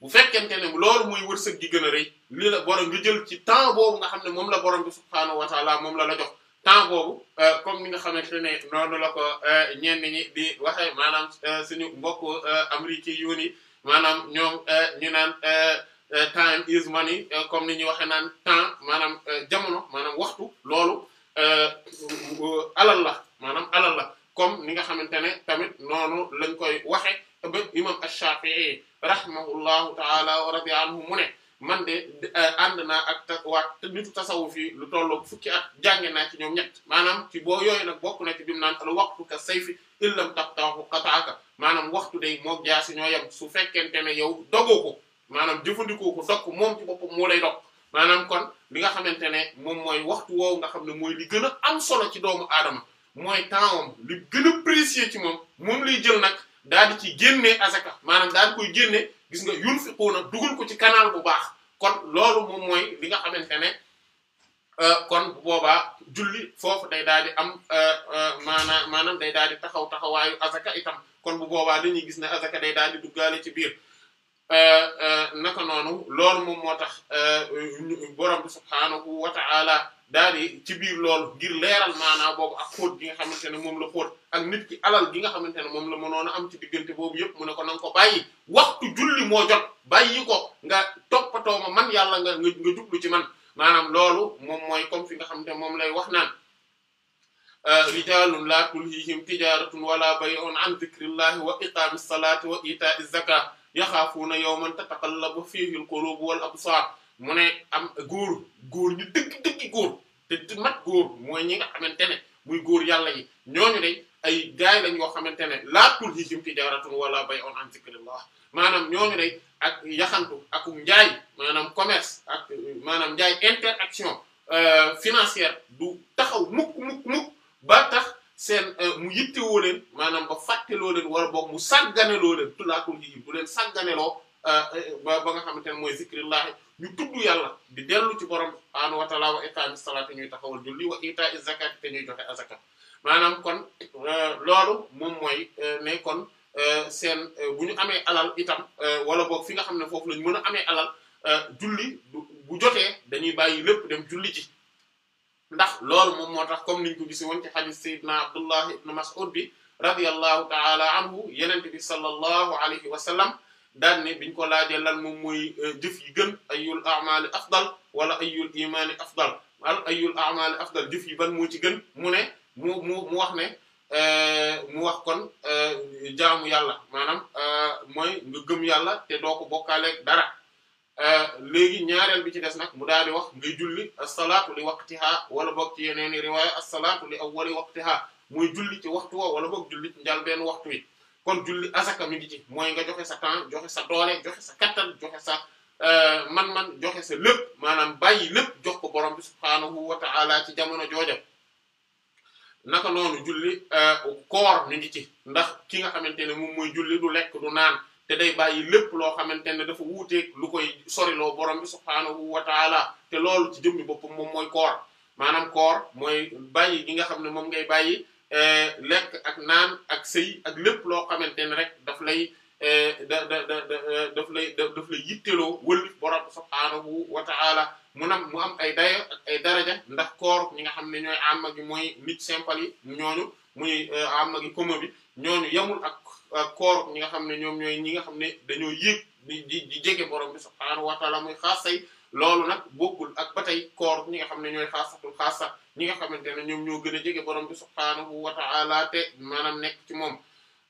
bu fekkente ne loolu mooy wërsëg gi gën a rëy lii la borom jël ci temps boobu nga xam ne moom la borom bi subhaanahu moom la la jox temps boobu euh, comme ni nga xamante ne noonu la ko euh, ñi di waxe maanaam euh, suñu mbokk américain yu ni maanaam ñoom ñu naan time is money comme ni ñu waxe naan temps maanaam jamono maanaam waxtu loolu alal la maanaam alal la comme ni nga xamante ne tamit noonu lañ koy waxe ba imam ash-Shafi'i rahimahullahu ta'ala wa radiya anhu mu ne man de eh, ànd naa ak ta waat nitu tasawu yi lu tolloog fukki at jànge naa ci ñoom ñett maanaam ci boo yooyu nag bokk na ci bi mu naan al waxtu ka sayfi illam taqta'hu qata'aka maanaam waxtu day moo jaasi ñoo yem su fekkente ne yow dogoo ko maanaam jëfandikoo ko dog moom ci boppam moo lay dog maanaam kon li nga xamante ne moom mooy waxtu woow nga xam ne mooy li gën a am solo ci doomu aadama mooy temps am li gën a précieux ci moom moom lay jël nag daal di ci génnee asaka maanaam daal di koy génne gis nga yunfiquuna dugul ko ci canal bu baax kon loolu moom mooy li nga xamante ne euh, kon bu boobaa julli foofu day daal di am euh, euh, maanaam maanaam day daal di taxaw taxawaayu asaka itam kon bu boobaa dañuy gis ne asaka day daal di duggaale ci biir naka noonu loolu moom moo tax borom bi subhaanahu wa daal di ci biir lool ngir leeral maanaa boobu ak xóot gi nga xamante ne moom la xóot ak nit ki alal gi nga xamante ne moom la mënoon am ci diggante boobu yëpp mu ne ko na nga ko bàyyi waxtu julli moo jot bàyyi ko nga toppatoo ma man yàlla nga nga jublu ci man maanaam loolu moom mooy comme fi nga xam ne moom lay wax naan ah, rijalun la tulhihim tijaratun wala bay'un an dhikrillahi wa iqamis salati wa ita'iz zakati yaxaafuuna yawman tataqallabu fihi al qulubu wal absar mu ne am góor góor ñu dëgg dëgg góor te mat góor mooy ñi nga xamante ne muy góor yàlla yi ñooñu de ay gaay lañ yoo xamante ne laa tulhihim tijaratun wala bay'un an zikrillah maanaam ñooñu de ak yaxantu ak njaay maanaam commerce ak maanaam njaay interaction euh, financière du taxaw mukk mukk mukk ba tax seen euh, mu yittewoo leen maanaam ba fàtteloo leen wala boog mu sàgganeloo leen tulaatul hihim bu leen sàgganeloo euh, ba ba nga xamante ne mooy zikrillahi ñu tudd yàlla di dellu ci borom subhaanahu wa ta'ala wa iqaamis salaati ñuy taxawal julli wa itaa'iz zakaati te ñuy joxe azaka maanaam kon euh, loolu moom mooy euh, ne kon euh, seen bu ñu amee alal itam wala boog fi nga xam ne foofu la ñu mën a amee alal julli bu jotee dañuy bàyyi lépp dem julli ji ndax loolu moom moo tax comme niñ ko gisi woon ci hadith sayyidina Abdullah ibn Mas'ud bi radiyallahu ta'ala anhu yeneen bi sallallahu alayhi wa sallam daan ni biñ ko laajee lan moom muy euh, jëf yi gën ayul amali afdal wala ayul imaani afdal al ayul amali afdal jëf yi ban moo ci gën mu ne mu mu mu wax ne euh, mu wax kon euh, jamu yàlla maanaam mooy nga gëm yàlla te doo ko bokkaaleeg dara léegi ñaareel bi ci des nag mu daal di wax ngay julli as-salaatu li waqtiha wala boog ci yeneen i riwaaya as-salaatu li awwali waqtiha muy julli ci waxtu wa wala bokk julli ci njàlbeen waxtu wi kon julli asaka mi ngi ci mooy nga joxe sa temps joxe sa doole joxe sa kattan joxe sa euh, man-man joxe sa lépp maanaam bàyyi lépp jox ko borom bi subhaanahu wa ta'ala ci jamono jooja naka noonu julli euh, koor mi ngi ci ndax ki nga xamante ne moom mooy julli du lekk du naan te day bàyyi lépp loo xamante ne dafa wuuteeg lu koy soriloo borom bi subhaanahu wa ta'ala te loolu ci jëmmi boppam moom mooy koor maanaam koor mooy bàyyi gi nga xam ne moom ngay bàyyi Eh, lekk ak naan ak sëy ak lépp loo xamante ne rek daf lay eh, da da da eh, daf lay daf lay yitteloo wëlif borom subhaanahu wa ta'ala mu nam mu am ay dayo ak ay daraja ndax koor ñi nga xam ne ñooy amma gi mooy nit simple yi ñooñu muy amma gi commun ñooñu yamul ak koor ñi nga xam ne ñoom ñooy ñi nga xam ne dañoo yéeg di di jege borom bi subhaanahu wa ta'ala muy xaasay loolu nag bokkul ak ba tey koor ñi nga xam ne ñooy xaasatul xaasa ñi nga xamante ne ñoom ñoo gën a jege borom bi subhaanahu wa ta'ala te maanaam nekk ci moom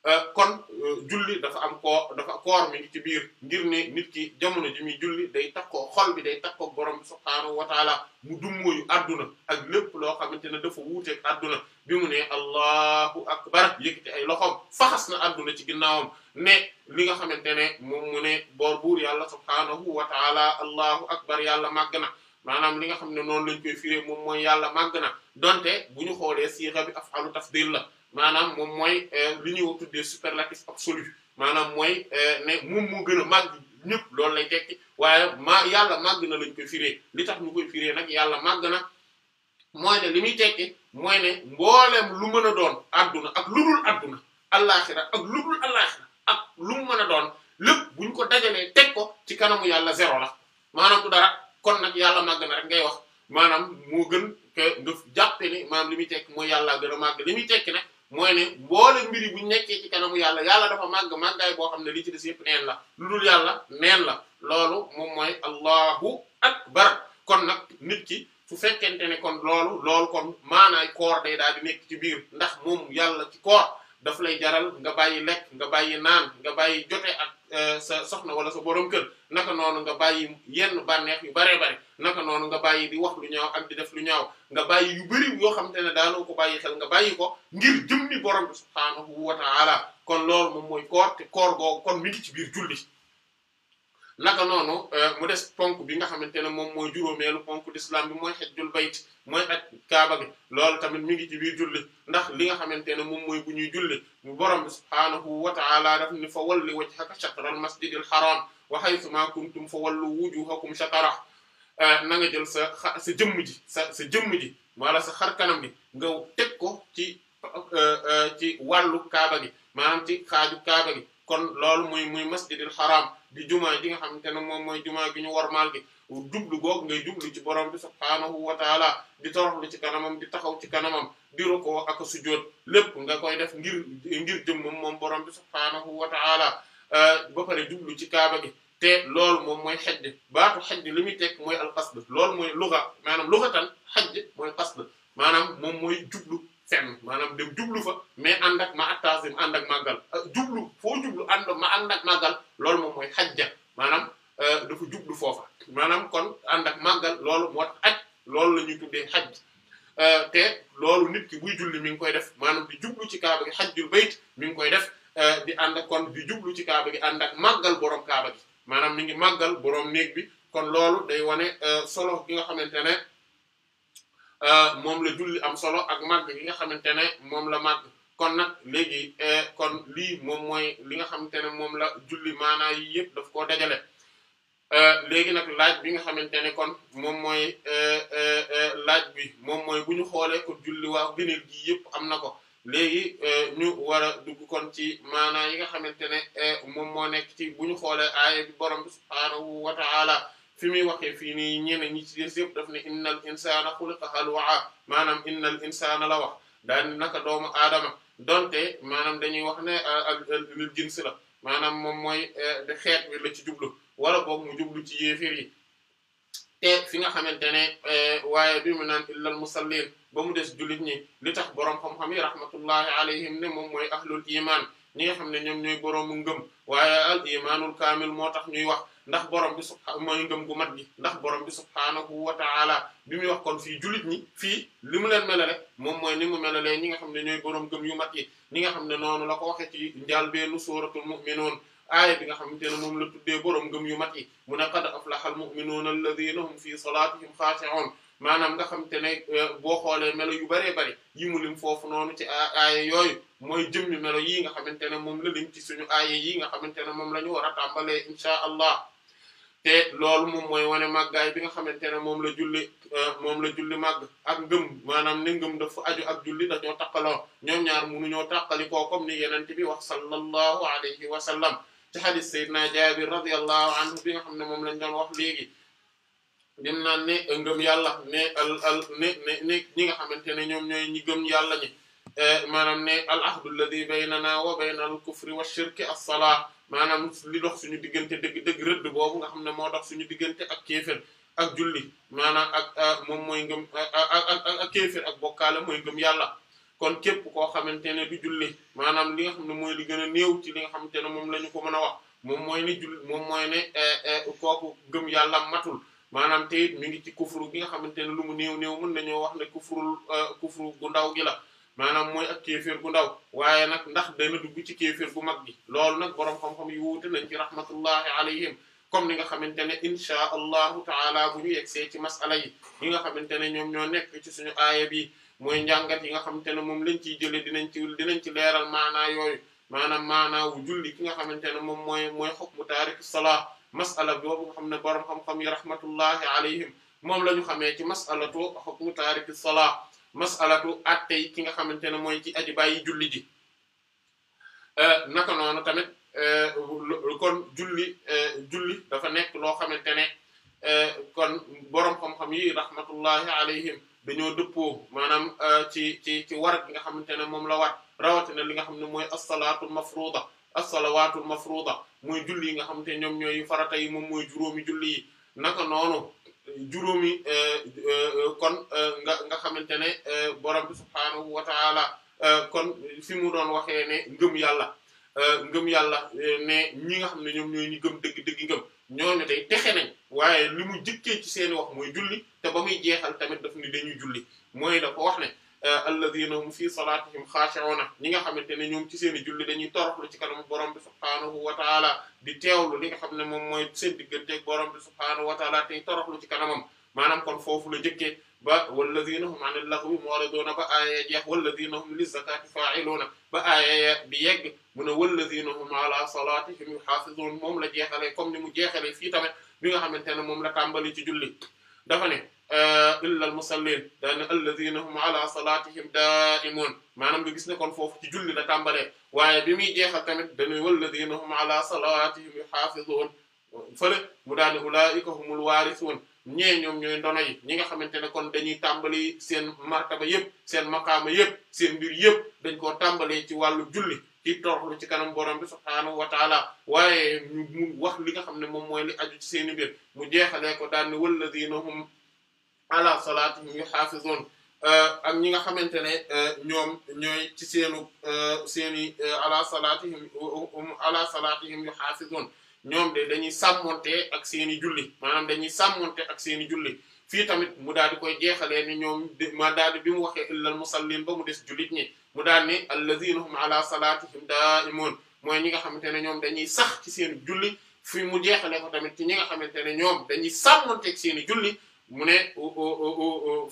Euh, kon euh, julli dafa am koo dafa koor mi ci biir ngir ne nit ki jamono ji muy julli day takkoo xol bi day takkoo borom bi subhaanahu wa taala mu dummóoyu adduna ak lépp loo xamante ne dafa wuuteeg adduna bi mu ne allahu akbar yëkkati ay loxom faxas na adduna ci ginnaawam ne li nga xamante ne moom mu ne boor buur yàlla subhaanahu wa taala allahu akbar yàlla màgg na maanaam li nga xam ne noonu lañ koy firee moom mooy yàlla màgg na donte bu ñu xoolee siixa bi af'alu tafdil la maanaam moom mooy euh, li ñuy tuddee superlatif absolu maanaam mooy euh, ne moom moo gën a màgg ñëpp loolu lay tekki waaye ma yàlla màgg na lañ koy firee li tax ñu koy firee nag yàlla màgg na mooy li muy tekki mooy ne mbooleem lu mën a doon adduna ak lu dul ak lu dul lu mu mën a doon lépp buñ ko dajalee teg ko ci kanamu yàlla zéro la maanaam du dara kon nag yàlla màgg na rek ngay wax maanaam moo gën nga jàppe ne maanaam li muy tekki mooy yàlla gën a màgg li muy tekki nag mooy ne boole mbiri bu nekkee ci kanamu yàlla yàlla dafa màgg màggaay boo xam ne lii ci des yëpp neen la lu dul yàlla neen la loolu moom mooy allahu akbar kon nag nit ki su fekkente ne kon loolu loolu kon maanaay koor day daal di nekk ci biir ndax moom yàlla ci koor daf lay jaral nga bàyyi lekk nga bàyyi naan nga bàyyi jote ak Euh, sa soxna wala sa boroom kër naka noonu nga bàyyi yenn bànneex yu baree bari naka noonu nga bàyyi bi wax lu ñaaw ak di def lu ñaaw nga bàyyi yu bari yoo xam xamante ne daanoo ko bàyyi xel nga bàyyi ko ngir jëm ni borom bi subhaanahu kon loolu moom mooy koor koor googu kon mi ngi ci biir julli naka noonu euh, mu des ponk bi nga xamante ne moom mooy juróomeelu ponk l'islam bi mooy xejjul bayt mooy ak kaaba bi loolu tamit mi ngi ci biir julli ndax li nga xamante ne moom mooy bu ñuy julli borom bi subhaanahu wa ta'ala daf ni fa walli wajhaka shatral masjidil haram wa haythu ma kuntum fa wallu wujuhakum shatarah euh, na nga jël sa sa jëmm ji sa jëmm ji wala sa xar kanam gi nga teg ko ci euh, ci wàllu kaaba gi maanaam ci xaaju kaaba gi kon loolu muy muy masjidil xaraam di juma ji nga xamante ne moom mooy juma gi ñu wormaal gi jublu goog ngay jublu ci borom bi subhaanahu wa taala di toroxlu ci kanamam di taxaw ci kanamam di rukoo ak sujjóot lépp nga koy def ngir ngir jëmmam moom borom bi subhaanahu wa taala euh, ba pare jublu ci kaaba gi te loolu moom mooy xajj baatu xajj li muy teg mooy alqasd loolu mooy luga maanaam lugatan xajj mooy qasd maanaam moom mooy jublu fenn maanaam dem jublu fa mais ànd ak ma attasim ànd ak euh, jublu foo jublu ànd ma ànd ak màggal loolu moom mooy xajja maanaam euh, dafa jublu foofa maanaam kon ànd ak màggal loolu moo tax aj loolu la ñuy tuddee xaj euh, te loolu nit ki buy jubli mi ngi koy def maanaam di jublu ci kaaba gi xajjul bayt mi ngi koy def di ànd ak kon di jublu ci kaaba gi ànd ak màggal boroom kaaba gi maanaam mi ngi màggal boroom néeg bi kon loolu day wane solo ki nga xamante ne Euh, moom la julli am solo ak màgg gi nga xamante ne moom la màgg kon nag léegi euh, kon lii moom mooy li nga xamante ne moom la julli maanaa yi yëpp daf koo dajale euh, léegi nag laaj bi nga xamante ne kon moom mooy laaj bi moom mooy bu ñu xoolee ko julli waa gëneel gi yëpp am na ko léegi ñu war dugg kon ci maanaa yi nga xamante ne moom moo nekk ci bu ñu xoolee aaya bi borom bi subhaanahu wa fi muy waxee fii nii ñeneen ñi ci des yëpp daf ne innal insana xuliqa halu'a maanaam innal insana la wax daan naka doomu aadama donte maanaam dañuy wax ne ak ah, lil jins la maanaam moom mooy de eh, xeet bi ci jublu wala boog mu jublu ci yéefir yi te fi nga xamante ne eh, waaye bi mu naan illal musallin ba mu des julit ñi li tax boroom xam-xam yi rahmatullahi ne moom mooy ahlul iman ñi nga xam ne ñoom ñooy boroomu ngëm waaye al imanul kaamil moo tax ñuy wax ndax borom bi subha mooy ngëm gu mat gi ndax borom bi subhaanahu wa ta'ala bi muy wax kon fii jullit ñi fii li mu leen melale moom mooy ni mu melale ñi nga xam ne ñooy borom gëm yu mat yi ñi nga xam ne noonu la ko waxee ci njàlbeenu suuratul mu'minuun aaya bi nga xamante ne moom la borom gëm yu mat yi mu ne qad aflaha al mu'minuuna alladhiina hum fii salaatihim xaashi'uun maanaam nga xam te ne euh, boo xoolee melo yu baree bari yi lim foofu noonu ci aaya yooyu mooy jëmmi melo yii xamante ne moom la lim ci suñu aaya yi nga xamante ne moom la ñu war a tàmbalee inchaa allah te loolu moom mooy wane màggaay bi nga xamante ne moom la julli euh, moom la julli màgg ak ngëm maanaam ne ngëm dafa aju ak julli dañoo takkaloo ñoom ñaar munuñoo takkali koo comme ni yenente bi wax sallallahu alayhi wa sallam ci hadith sayyidina Jaabir radiyallahu anhu bi nga xam ne moom lañ doon wax léegi dim naan ne euh, ngëm yàlla ne ñi nga xamante ne ñoom ñooy ñi gëm yàlla ñi euh, maanaam ne al ahdu alladhi baynana wa bayna al kufri wa shirki as-salat maanaam li dox suñu diggante dëgg dëgg rëdd boobu nga xam ne moo dox suñu diggante ak kéefër ak julli maanaam ak ah, moom mooy ngëm ah, ah, ak ak bokkaale mooy gëm yàlla kon képp koo xamante ne du julli maanaam li nga xam ne muy li gën a néew ci li nga xamante ne moom la ñu ko mën a wax moom mooy ni julli moom mooy ne eh, eh, kooku gëm yàlla matul maanaam te mi ngi ci kufru gi nga xamante ne lu mu néew néew mën nañoo wax ne kufru eh, kufru gu ndaw gi la maanaam mooy a kéeféer gu ndaw waaye nag ndax dana dugg ci kéeféer gu mag gi loolu nag boroom xam-xam yi wuute nañ ci rahmatullahi alayhim comme ni nga xamante ne inchaa allahu taala bu ñu yegsee ci masala yi yi nga xamante ne ñoom ñoo nekk ci suñu aaya bi mooy njàngat yi nga xamante ne moom lañ ciy jëlee dinañ ci dinañ ci leeral maanaa yooyu maanaam maanaa wu julli ki nga xamante ne moom mooy mooy xukmu taariku salaa masala boobu nga xam ne boroom xam-xam yi rahmatullahi alayhim moom la ñu xamee ci masalatu xukmu taariku salaa masalatu attey ki nga xamante ne mooy ci aji bàyyi julli ji euh, naka noonu tamit euh, kon julli euh, julli dafa nekk loo xamante ne kon boroom xam-xam yi rahmatullahi alayhim dañoo dëppoo maanaam ci ci ci war gi nga xamante ne moom la war rawatina li nga xam ne mooy as-salaatul mafruuda as-salawaatul mafruuda mooy julli yi nga xamante ne ñoom ñooy farata yi moom mooy juróomi julli yi naka noonu juróomi eh, eh, eh, kon nga nga xamante ne borom bi subhaanahu kon fi mu doon waxe ne ngëm yàlla ngëm yàlla ne ñi nga xam ne ñoom ñooy ñu gëm dëgg dëgg ngëm ñooñu tey texe nañ waaye li mu jëkkee ci seeni wax mooy julli te ba muy jeexal tamit daf ni dañuy julli mooy dafa wax ne Eh, alladhina hum fi salatihim khashi'una ñi nga xamante ne ñoom ci seen i julli dañuy toroxlu ci kanamu borom bi subhaanahu wa taala di teewlu li nga xam ne moom mooy seen digganteeg borom bi subhaanahu wa taala tey toroxlu ci kanamam maanaam kon foofu la jëkkee ba walladhina hum 'anil laghwi mu'riduna ba aaya jeex walladhina hum lizzakati fa'iluna ba aaya bi yegg mu ne walladhina hum 'ala salatihim yuhafizun moom la jeexalee comme ni mu jeexalee fii tamit bi nga xamante ne moom la tàmbali ci julli dafa ne illal musallin daana alladhina hum ala salatihim daimun maanaam nga gis ne kon foofu ci julli na tàmbalee waaye bi muy jeexal tamit dañuy walladhina hum ala salatihim yuhafizun fële mu daane ñee ñoom ñooy ndono yi ñi nga xamante ne kon dañuy tàmbali seen martaba yépp seen maqaama yépp seen mbir yépp dañ koo tàmbalee ci wàllu julli ci toroxlu ci kanam borom bi subhaanahu wa waaye ñu mu wax li nga xam ne moom mooy li aju ci seen mbir mu jeexalee ko daal ne walladhina hum ala salaatihim yuhaafizuun uh, ak ñi nga xamante ne uh, ñoom ñooy ci seenu uh, seeni ala salaatihim ala salaatihim yuhaafizuun ñoom de dañuy sàmmonte ak seeni julli maanaam dañuy sàmmonte ak seeni julli fii tamit mu daal di koy jeexalee ni ñoom ma daal bi mu waxee illal musallin ba mu des jullit ñi mu daal ne allaziina hum ala salaatihim daa'imuun mooy ñi nga xamante ne ñoom dañuy sax ci seen julli fii mu jeexale tamit ci ñi nga xamante ne ñoom dañuy sàmmonte ak seeni julli mu ne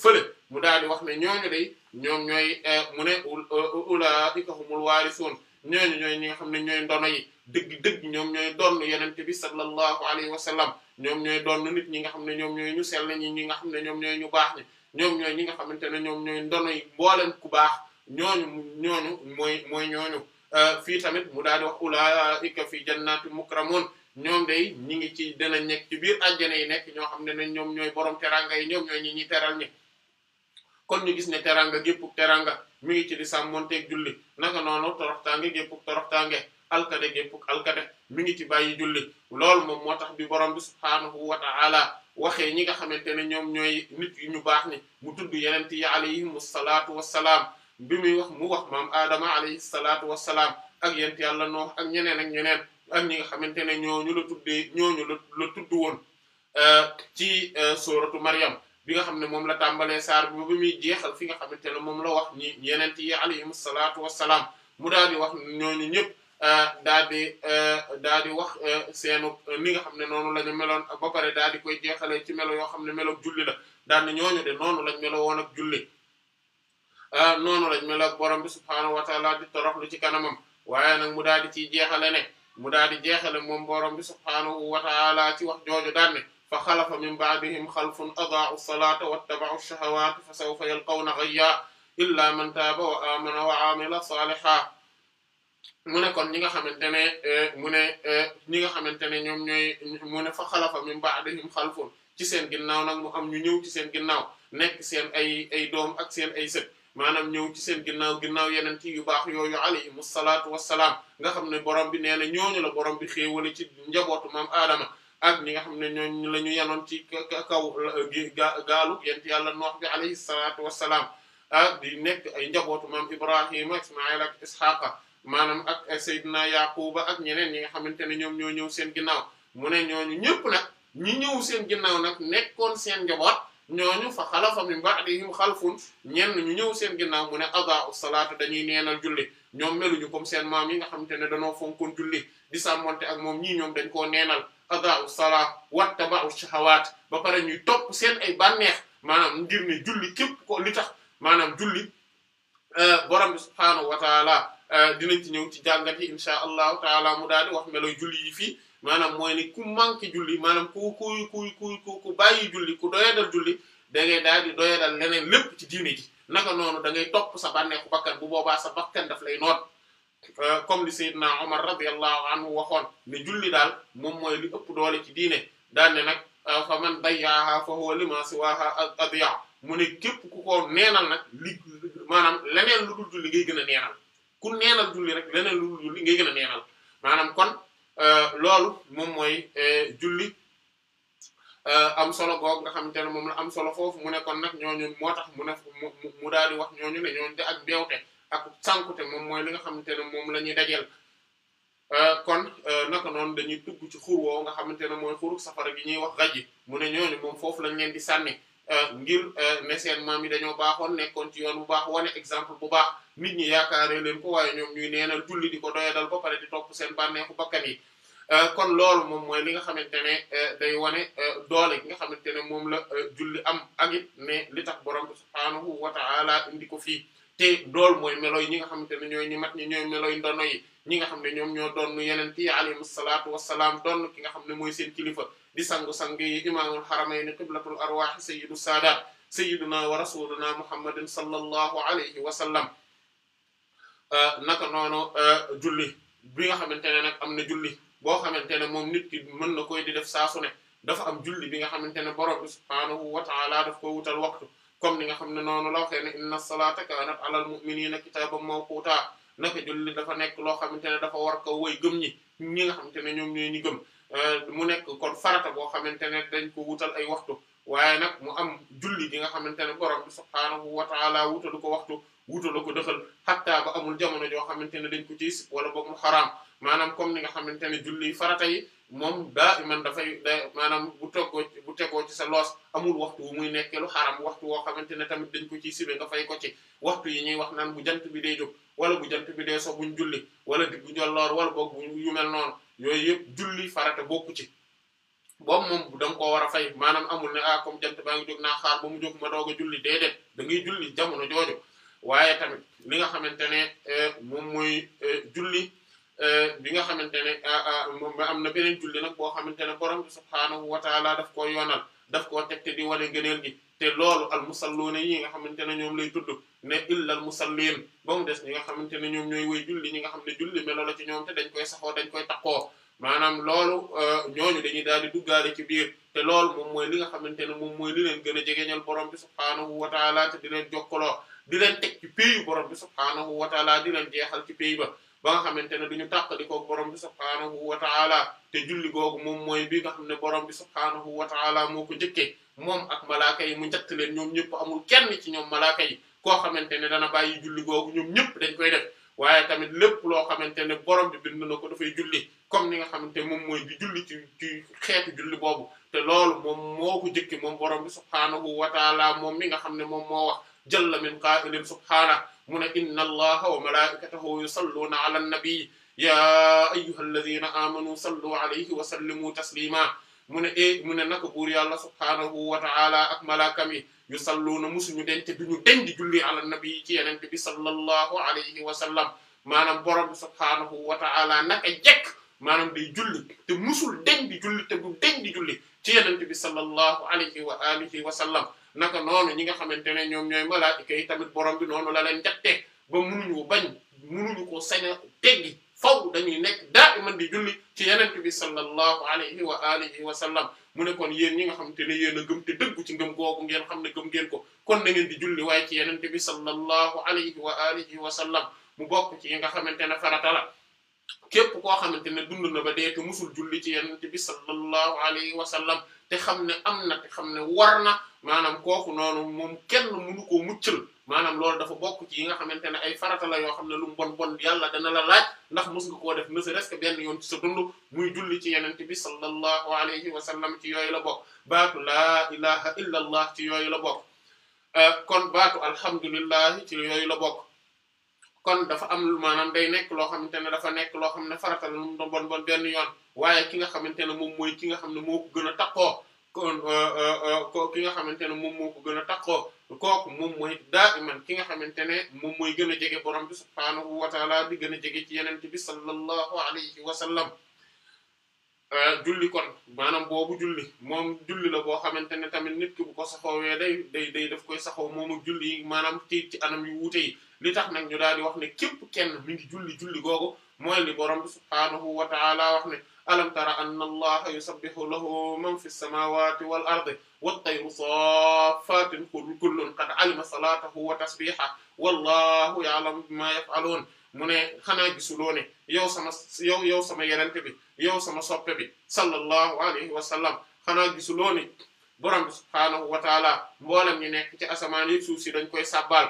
fële mu daal di wax ne ñooñu day ñoom ñooy eh, mu ne laa ulaa'ika humul waarisuun ñooñu ñooy ñi nga xam ne ñooy ndono yi dëgg dëgg ñoom ñooy doon yenente bi sallallahu alayhi wa sallam ñoom ñooy doon nit ñi nga xam ne ñoom ñooy ñu sell ñi ñi nga xam ne ñoom ñooy ñu baax ñi ñoom ñi nga xamante ne ñoom ñooy ndono yi mbooleen ku baax ñooñu ñooñu mooy mooy ñooñu eh, fii tamit mu daal di wax ulaa'ika fii jannaati mukramuun ñoom de ñi ngi ci dana nekk ci biir àjjana yi nekk ñoo xam ne ne ñoom ñooy borom teranga yi ñoom ñooy ñi ñuy teral ñi kon ñu gis ne teranga gépp teranga mi ngi ci di sàmmonteeg julli naka noonu toroxtaange gépp toroxtaange alkade gépp alkade mi ngi ci bàyyi julli loolu moom moo tax bi borom bi subhaanahu wa ta'ala waxee ñi nga xamante ne ñoom ñooy nit yu ñu baax ñi mu tudd yeneen yi alayhim salaatu wassalaam bi muy wax mu wax maam aadama alayhi salaatu wasalaam ak yent yàlla noox ak ñeneen ak ñeneen ñi nga xamante ne ñooñu la tuddee ñooñu la la tudd woon euh, ci euh, sooratu mariyam bi nga xam ne moom la tàmbalee saar bi ba muy jeexal fi nga xamante ne moom la wax ñi yenent yi alayhim salaatu wassalaam mu daal di wax ñooñu ñëpp euh, daal di daal di wax seenu ni nga xam ne noonu lañu ñu meloon ba pare daal di koy jeexalee ci melo yoo xam ne melo julli la daal di ñooñu de noonu lañ melo woon ak julli noonu lañ melo borom bi subhaanahu wa taala di toroxlu ci kanamam waaye nag mu daal di ciy jeexale ne mu daal di jeexale moom borom bi subhaanahu wa ta'ala ci wax jooju daan ne fa xalafa min ba'dihim xalfun adaa'u salaata wattaba'u shahawaati fa sawfa yalqawna ghayya illa man taaba wa amana wa mu ne kon ñi nga xamante ne mu ne ñi nga xamante ne ñoom ñooy mu ne fa xalafa min ba'dihim xalfun ci seen ginnaaw nag mu am ñu ñëw ci seen ginnaaw nekk seen ay ay doom ak seen ay sët maanaam ñëw ci seen ginnaaw ginnaaw yeneen ci yu baax yooyu alayhimu salaatu wassalaam nga xam ne borom bi nee na ñooñu la borom bi xéewale ci njabootu maam aadama ak ñi nga xam ne ñooñu la ñu yanoon ci kaw gaalu yent yàlla noox bi alayhi salaatu wassalaam ah di nekk ay njabootu maam ibrahima ismail ak ishaqa maanaam ak sayyidina yaquba ak ñeneen ñi nga xamante ne ñoom ñoo ñëw seen ginnaaw mu ne ñooñu ñëpp nag ñi ñëw seen ginnaaw nag nekkoon seen njaboot ñooñu fa xalafa min ba'dihim xalfun ñenn ñu ñëw seen ginnaaw mu ne adaa'u salaat dañuy neenal julli ñoom meluñu comme seen maam yi nga xamante ne danoo fonkoon julli di sàmmonte ak moom ñii ñoom dañ koo neenal adaa'u salaat wattaba'u shahawaat ba pare ñuy topp seen ay bànneex maanaam ngir ne julli képp ko li maanaam julli euh, borom bi subhaanahu wa taala euh, dinañ ci ñëw ci jàngat yi insha allahu taala mu daal di wax melo julli yi fii maanaam mooy ni ku manqué julli maanaam ku ku ku ku ku bàyyi julli ku doyadal julli da ngay daal di doyadal leneen lépp ci diine ji naka noonu da ngay topp sa bànneexu bakkan bu boobaa sa bakkan daf lay noot euh, comme li Seydina Omar radiyallahu anhu waxoon ne julli daal moom mooy li ëpp doole ci diine daan nag euh, fa man dayyaaha fa huwa lima siwaaha adya mu ne képp ku ko neenal nag li maanaam leneen lu dul julli ngay gën a neenal ku neenal julli rek leneen lu dul ngay gën a neenal maanaam kon Euh, loolu moom mooy euh, julli euh, am solo goog nga xamante ne moom la am solo foofu mu ne kon nag ñooñu moo tax mu ne mu daal di wax ñooñu ne ñooñu de ak beewte ak sànkute moom mooy li nga xamante ne moom la ñuy dajeel kon naka noon dañuy tugg ci xur wo nga xamante ne mooy xuru safara gi ñuy wax gaj yi mu ne ñooñu moom foofu lañ leen di sànni Euh, ngir euh, ne seen maam yi dañoo baaxoon nekkoon ci yoon bu baax wane exemple bu baax nit ñi yaakaare leen ko waaye ñoom ñuy neenal julli di ko doyadal ba pare di topp seen bànneexu bakkan yi euh, kon loolu moom mooy li nga xamante ne day wane doole gi nga xamante ne moom la julli am ak it ne li tax borom subhaanahu wa ta'ala indi ko fii te dool mooy melo yi ñi nga xamante ne ñooy ñi mat ñi ñooy melo yi ndono yi ñi nga xam ne ñoom ñoo doon yeneen ti alayhimu salaatu wassalaam doon ki nga xam ne mooy seen kilifa di sangu-sang yi imaamul xaramayni qiblatul arwaahi sayyidu saadaat sayyiduna wa rasuluna muhammadin sallallahu alayhi wa sallam euh, naka noonu euh, julli bi nga xamante ne nag am na julli boo xamante ne moom nit ki mën na koy di def saa su ne dafa am julli bi nga xamante ne borom bi subhaanahu wa ta'ala daf ko wutal waxtu comme ni nga xam ne noonu la waxee ne inna salaata kaanat alal mu'miniina kitaaban mawquuta naka julli dafa nekk loo xamante ne dafa war ko woy gëm ñi ñi nga xamante ne ñoom ñoo ñi gëm Euh, mu nekk kon farata boo xamante ne dañ ko wutal ay waxtu waaye nag mu am julli gi nga xamante ne borom bi subhaanahu wa taala wutalu ko waxtu wutala ko dëxal xattaa ba amul jamono joo xamante ne dañ ko ciy wala boog mu xaraam maanaam comme ni nga xamante ne julli farata yi moom daa iman dafay maanaam bu toggoo bu tegoo ci sa loos amul waxtu wu muy nekkee lu xaraam waxtu woo xamante ne tamit dañ ko ciy sibe nga fay ko ci waxtu yi ñuy wax naan bu jant bi day jóg wala bu jant bi day so buñ julli wala diggu njolloor wala boog bu yu mel noonu yooyu yëpp julli farata bokku ci boobu moom da nga koo war a fay maanaam amul ne ah comme jant baa ngi jóg naa xaar ba mu jóg ma doog a julli déedéet da ngay julli jamono jooju waaye tamit li nga xamante ne euh, moom mooy euh, julli euh, bi nga xamante ne ah, ah, moom am na beneen julli na boo xamante ne borom bi subhaanahu wa taala daf koo yoonal daf koo teg te di wane gi te loolu al musalluuna yi nga xamante ne ñoom lay tudd ne illa al musalliin ba mu des ñi nga xamante ne ñoom ñooy woy julli ñi nga xam ne julli melo ci ñoom te dañ koy saxoo dañ koy takkoo maanaam loolu ñooñu dañuy daal di duggaale ci biir te loolu moom mooy li nga xamante ne moom mooy li leen gën a jegeñal borom bi subhaanahu wa taala te dina leen di leen teg ci péeyu borom bi subhaanahu wa taala di leen jeexal ci péey ba ba nga xamante ne duñu ñu di ko borom bi subhaanahu wa taala te julli googu moom mooy bi nga xam ne borom bi subhaanahu wa taala moo ko njëkkee moom ak malaaka yi mu njatt leen ñoom ñëpp amul kenn ci ñoom malaaka yi koo xamante ne dana bàyyi julli googu ñoom ñëpp dañ koy def waaye tamit lépp loo xamante ne borom bi bind na ko dafay julli comme ni nga xamante moom mooy di julli ci ci xeetu julli boobu te loolu moom moo ko njëkkee moom borom bi subhaanahu wa taala moom mi nga xam ne moom moo wax jalla min qaa'ilin subhaana mu ne inna allaha wa malaa'ikatahu yusalluuna ala nabi ya ayyuhalladhina amanu sallu alayhi wa sallimu taslima mu ne e mu ne naka buur yàlla subhaanahu wa ta'ala ak malaakam yi yusalluuna musuñu den te duñu den di julli ala nabi ci yenente bi sallallahu alayhi wa sallam maanaam borom subhaanahu wa ta'ala naka jekk maanaam day julli te musul den di julli te du den di julli ci yenente bi sallallahu alayhi wa alihi wa sallam naka noonu ñi nga xamante ne ñoom ñooy malaaka yi tamit borom bi noonu la leen jattee ba mu bañ munuñu ko sañ a teggi faw dañuy nekk daa iman di julli ci yenent bi sallallahu alayhi wa alihi wa sallam mu ne yéen ñi nga xamante ne yéen a gëm te dëggu ci ngëm googu ngeen xam ne gëm ngeen ko kon na ngeen di julli waaye ci yenent bi sallallahu alayhi wa alihi wa sallam mu bokk ci yi nga xamante ne farata la képp koo xamante ne dund na ba dee te musul julli ci yenent bi sallallahu alayhi wa sallam te xam ne am na te xam ne war na maanaam kooku noonu moom kenn mënu koo muccal maanaam loolu dafa bokk ci yi nga xamante ne ay farata la yoo xam ne lu mu bon bon yàlla dana la laaj ndax mës nga koo def ne serait-ce que benn yoon ci sa dund muy julli ci yenent bi sallallahu alayhi wa sallam ci yooyu la bokk baatu laa ilaha illa allah ci yooyu la bokk euh, kon baatu alhamdulillahi ci yooyu la bokk kon dafa am maanaam day nekk loo xamante ne dafa nekk loo xam ne farata la lu mu benn yoon waaye ki nga xamante ne moom mooy ki nga xam ne moo ko gën a takkoo kon euh, euh, euh, ko ki nga xamante ne moom moo ko gën a takkoo kooku moom mooy daa ki nga xamante ne moom mooy gën a jege borom bi subhaanahu wa taala bi gën a jege ci yenente bi sallallahu alayhi wa sallam julli kon maanaam boobu julli moom julli la boo xamante ne tamit nit ki bu ko saxoowee day day day daf koy saxo moom julli yi maanaam ci ci anam yu wuute yi li tax nag ñu daal di wax ne képp kenn mi ngi julli julli googu mooy li borom bi subhaanahu wax ne alam tara anna allaha yusabbihu lahu man fi samawati wal ardi wat tayru saffatin kullun qad alima salatahu wa tasbihahu wallahu ya'lamu bima yaf'alun mu ne xanaa gisuloo ne yow sama yow yow sama yenente bi yow sama soppe bi sallallahu alayhi wa sallam xanaa gisuloo ne borom bi subhaanahu wa taala mboolem ñu nekk ci asamaan yi suuf si dañ koy sàbbaal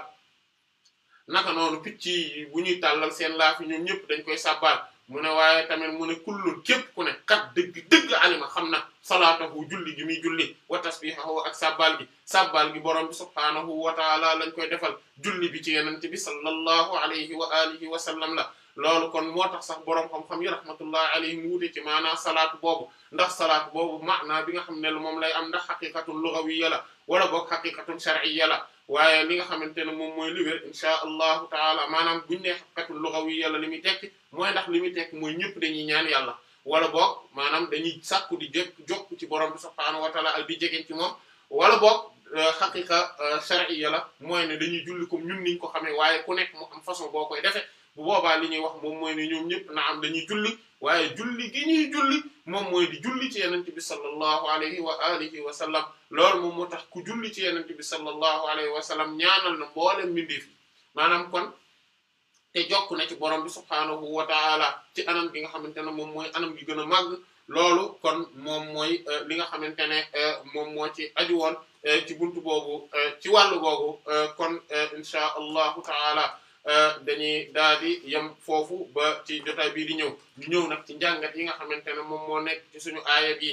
naka noonu picc yi bu ñuy tàllal seen laaf yi ñoom ñëpp dañ koy sàbbaal mu ne waaye tamit mu ne kullun képp ku ne kat dëgg dëgg alima xam na salaatahu julli gi muy julli wa tasbihahu ak sabbal gi baal gi borom bi subhaanahu wa taala lañ koy defal julli bi ci yenente bi sallallahu alayhi wa alihi wa sallam la loolu kon moo tax sax boroom xam-xam yi rahmatullahi alayhim wuute ci maanaa salaat boobu ndax salaatu boobu naa bi nga xam ne moom lay am ndax xaqiqatul lughawiyya la wala boog xaqiqatul shar'iyya la waaye li nga xamante ne moom mooy li wér insha allahu taala maanaam buñu nee xaqiiqatul lugawi yàlla li muy tekki mooy ndax li muy tekki mooy ñëpp dañuy ñaan yàlla wala boog maanaam dañuy sàkku di jëkk jokk ci borom bi subhaanahu wa taala ak di jegeen ci moom wala boog euh, xaqiqa euh, shar'iyya la mooy ne dañuy julli comme ñun niñ ko xamee waaye ku nekk mu am façon boo koy defee bu boobaa li ñuy wax moom mooy ne ñoom ñëpp na am dañuy julli waaye julli gi ñuy julli moom mooy di julli ci yenent bi sallallahu alayhi wa alihi wa sallam loolu moom moo tax ku julli ci yenent bi sallallahu alayhi wa sallam ñaanal na mboolem mbindeef maanaam kon te jokk na ci borom bi subhaanahu wa ta'ala ci anam gi nga xamante ne moom mooy anam gi gën a màgg loolu kon moom mooy euh, li nga xamante ne euh, moom moo ci aju euh, ci bunt boobu ci wàllu boobu kon insha allahu ta'ala Euh, dañuy daal di yem foofu ba ci jotaay bii di ñëw ñu ñëw nag ci njàngat yi nga xamante ne moom moo nekk ci suñu aaya bi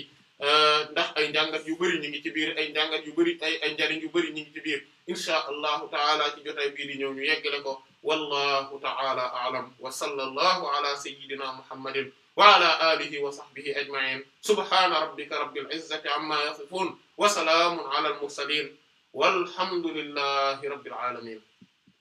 euh, ndax ay njàngat yu bëri ñu ngi ci biir ay njàngat yu bëri ay ay njariñ yu bëri ñu ngi ci biir insha allahu taala ci jotaay bii di ñëw ñu yeggale ko wallahu taala a'lam wa sallallahu ala sayyidina muhammadin wa ala alihi wa sahbihi ajma'in subhana rabbika rabbil izzati amma yasifun wa salaamun ala al mursalin walhamdulillahi rabbil alamin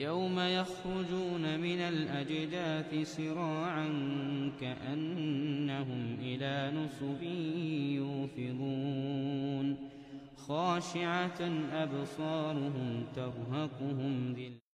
يوم يخرجون من الأجداث سراعا كأنهم إلى نصب يوفضون خاشعة أبصارهم ترهقهم ذل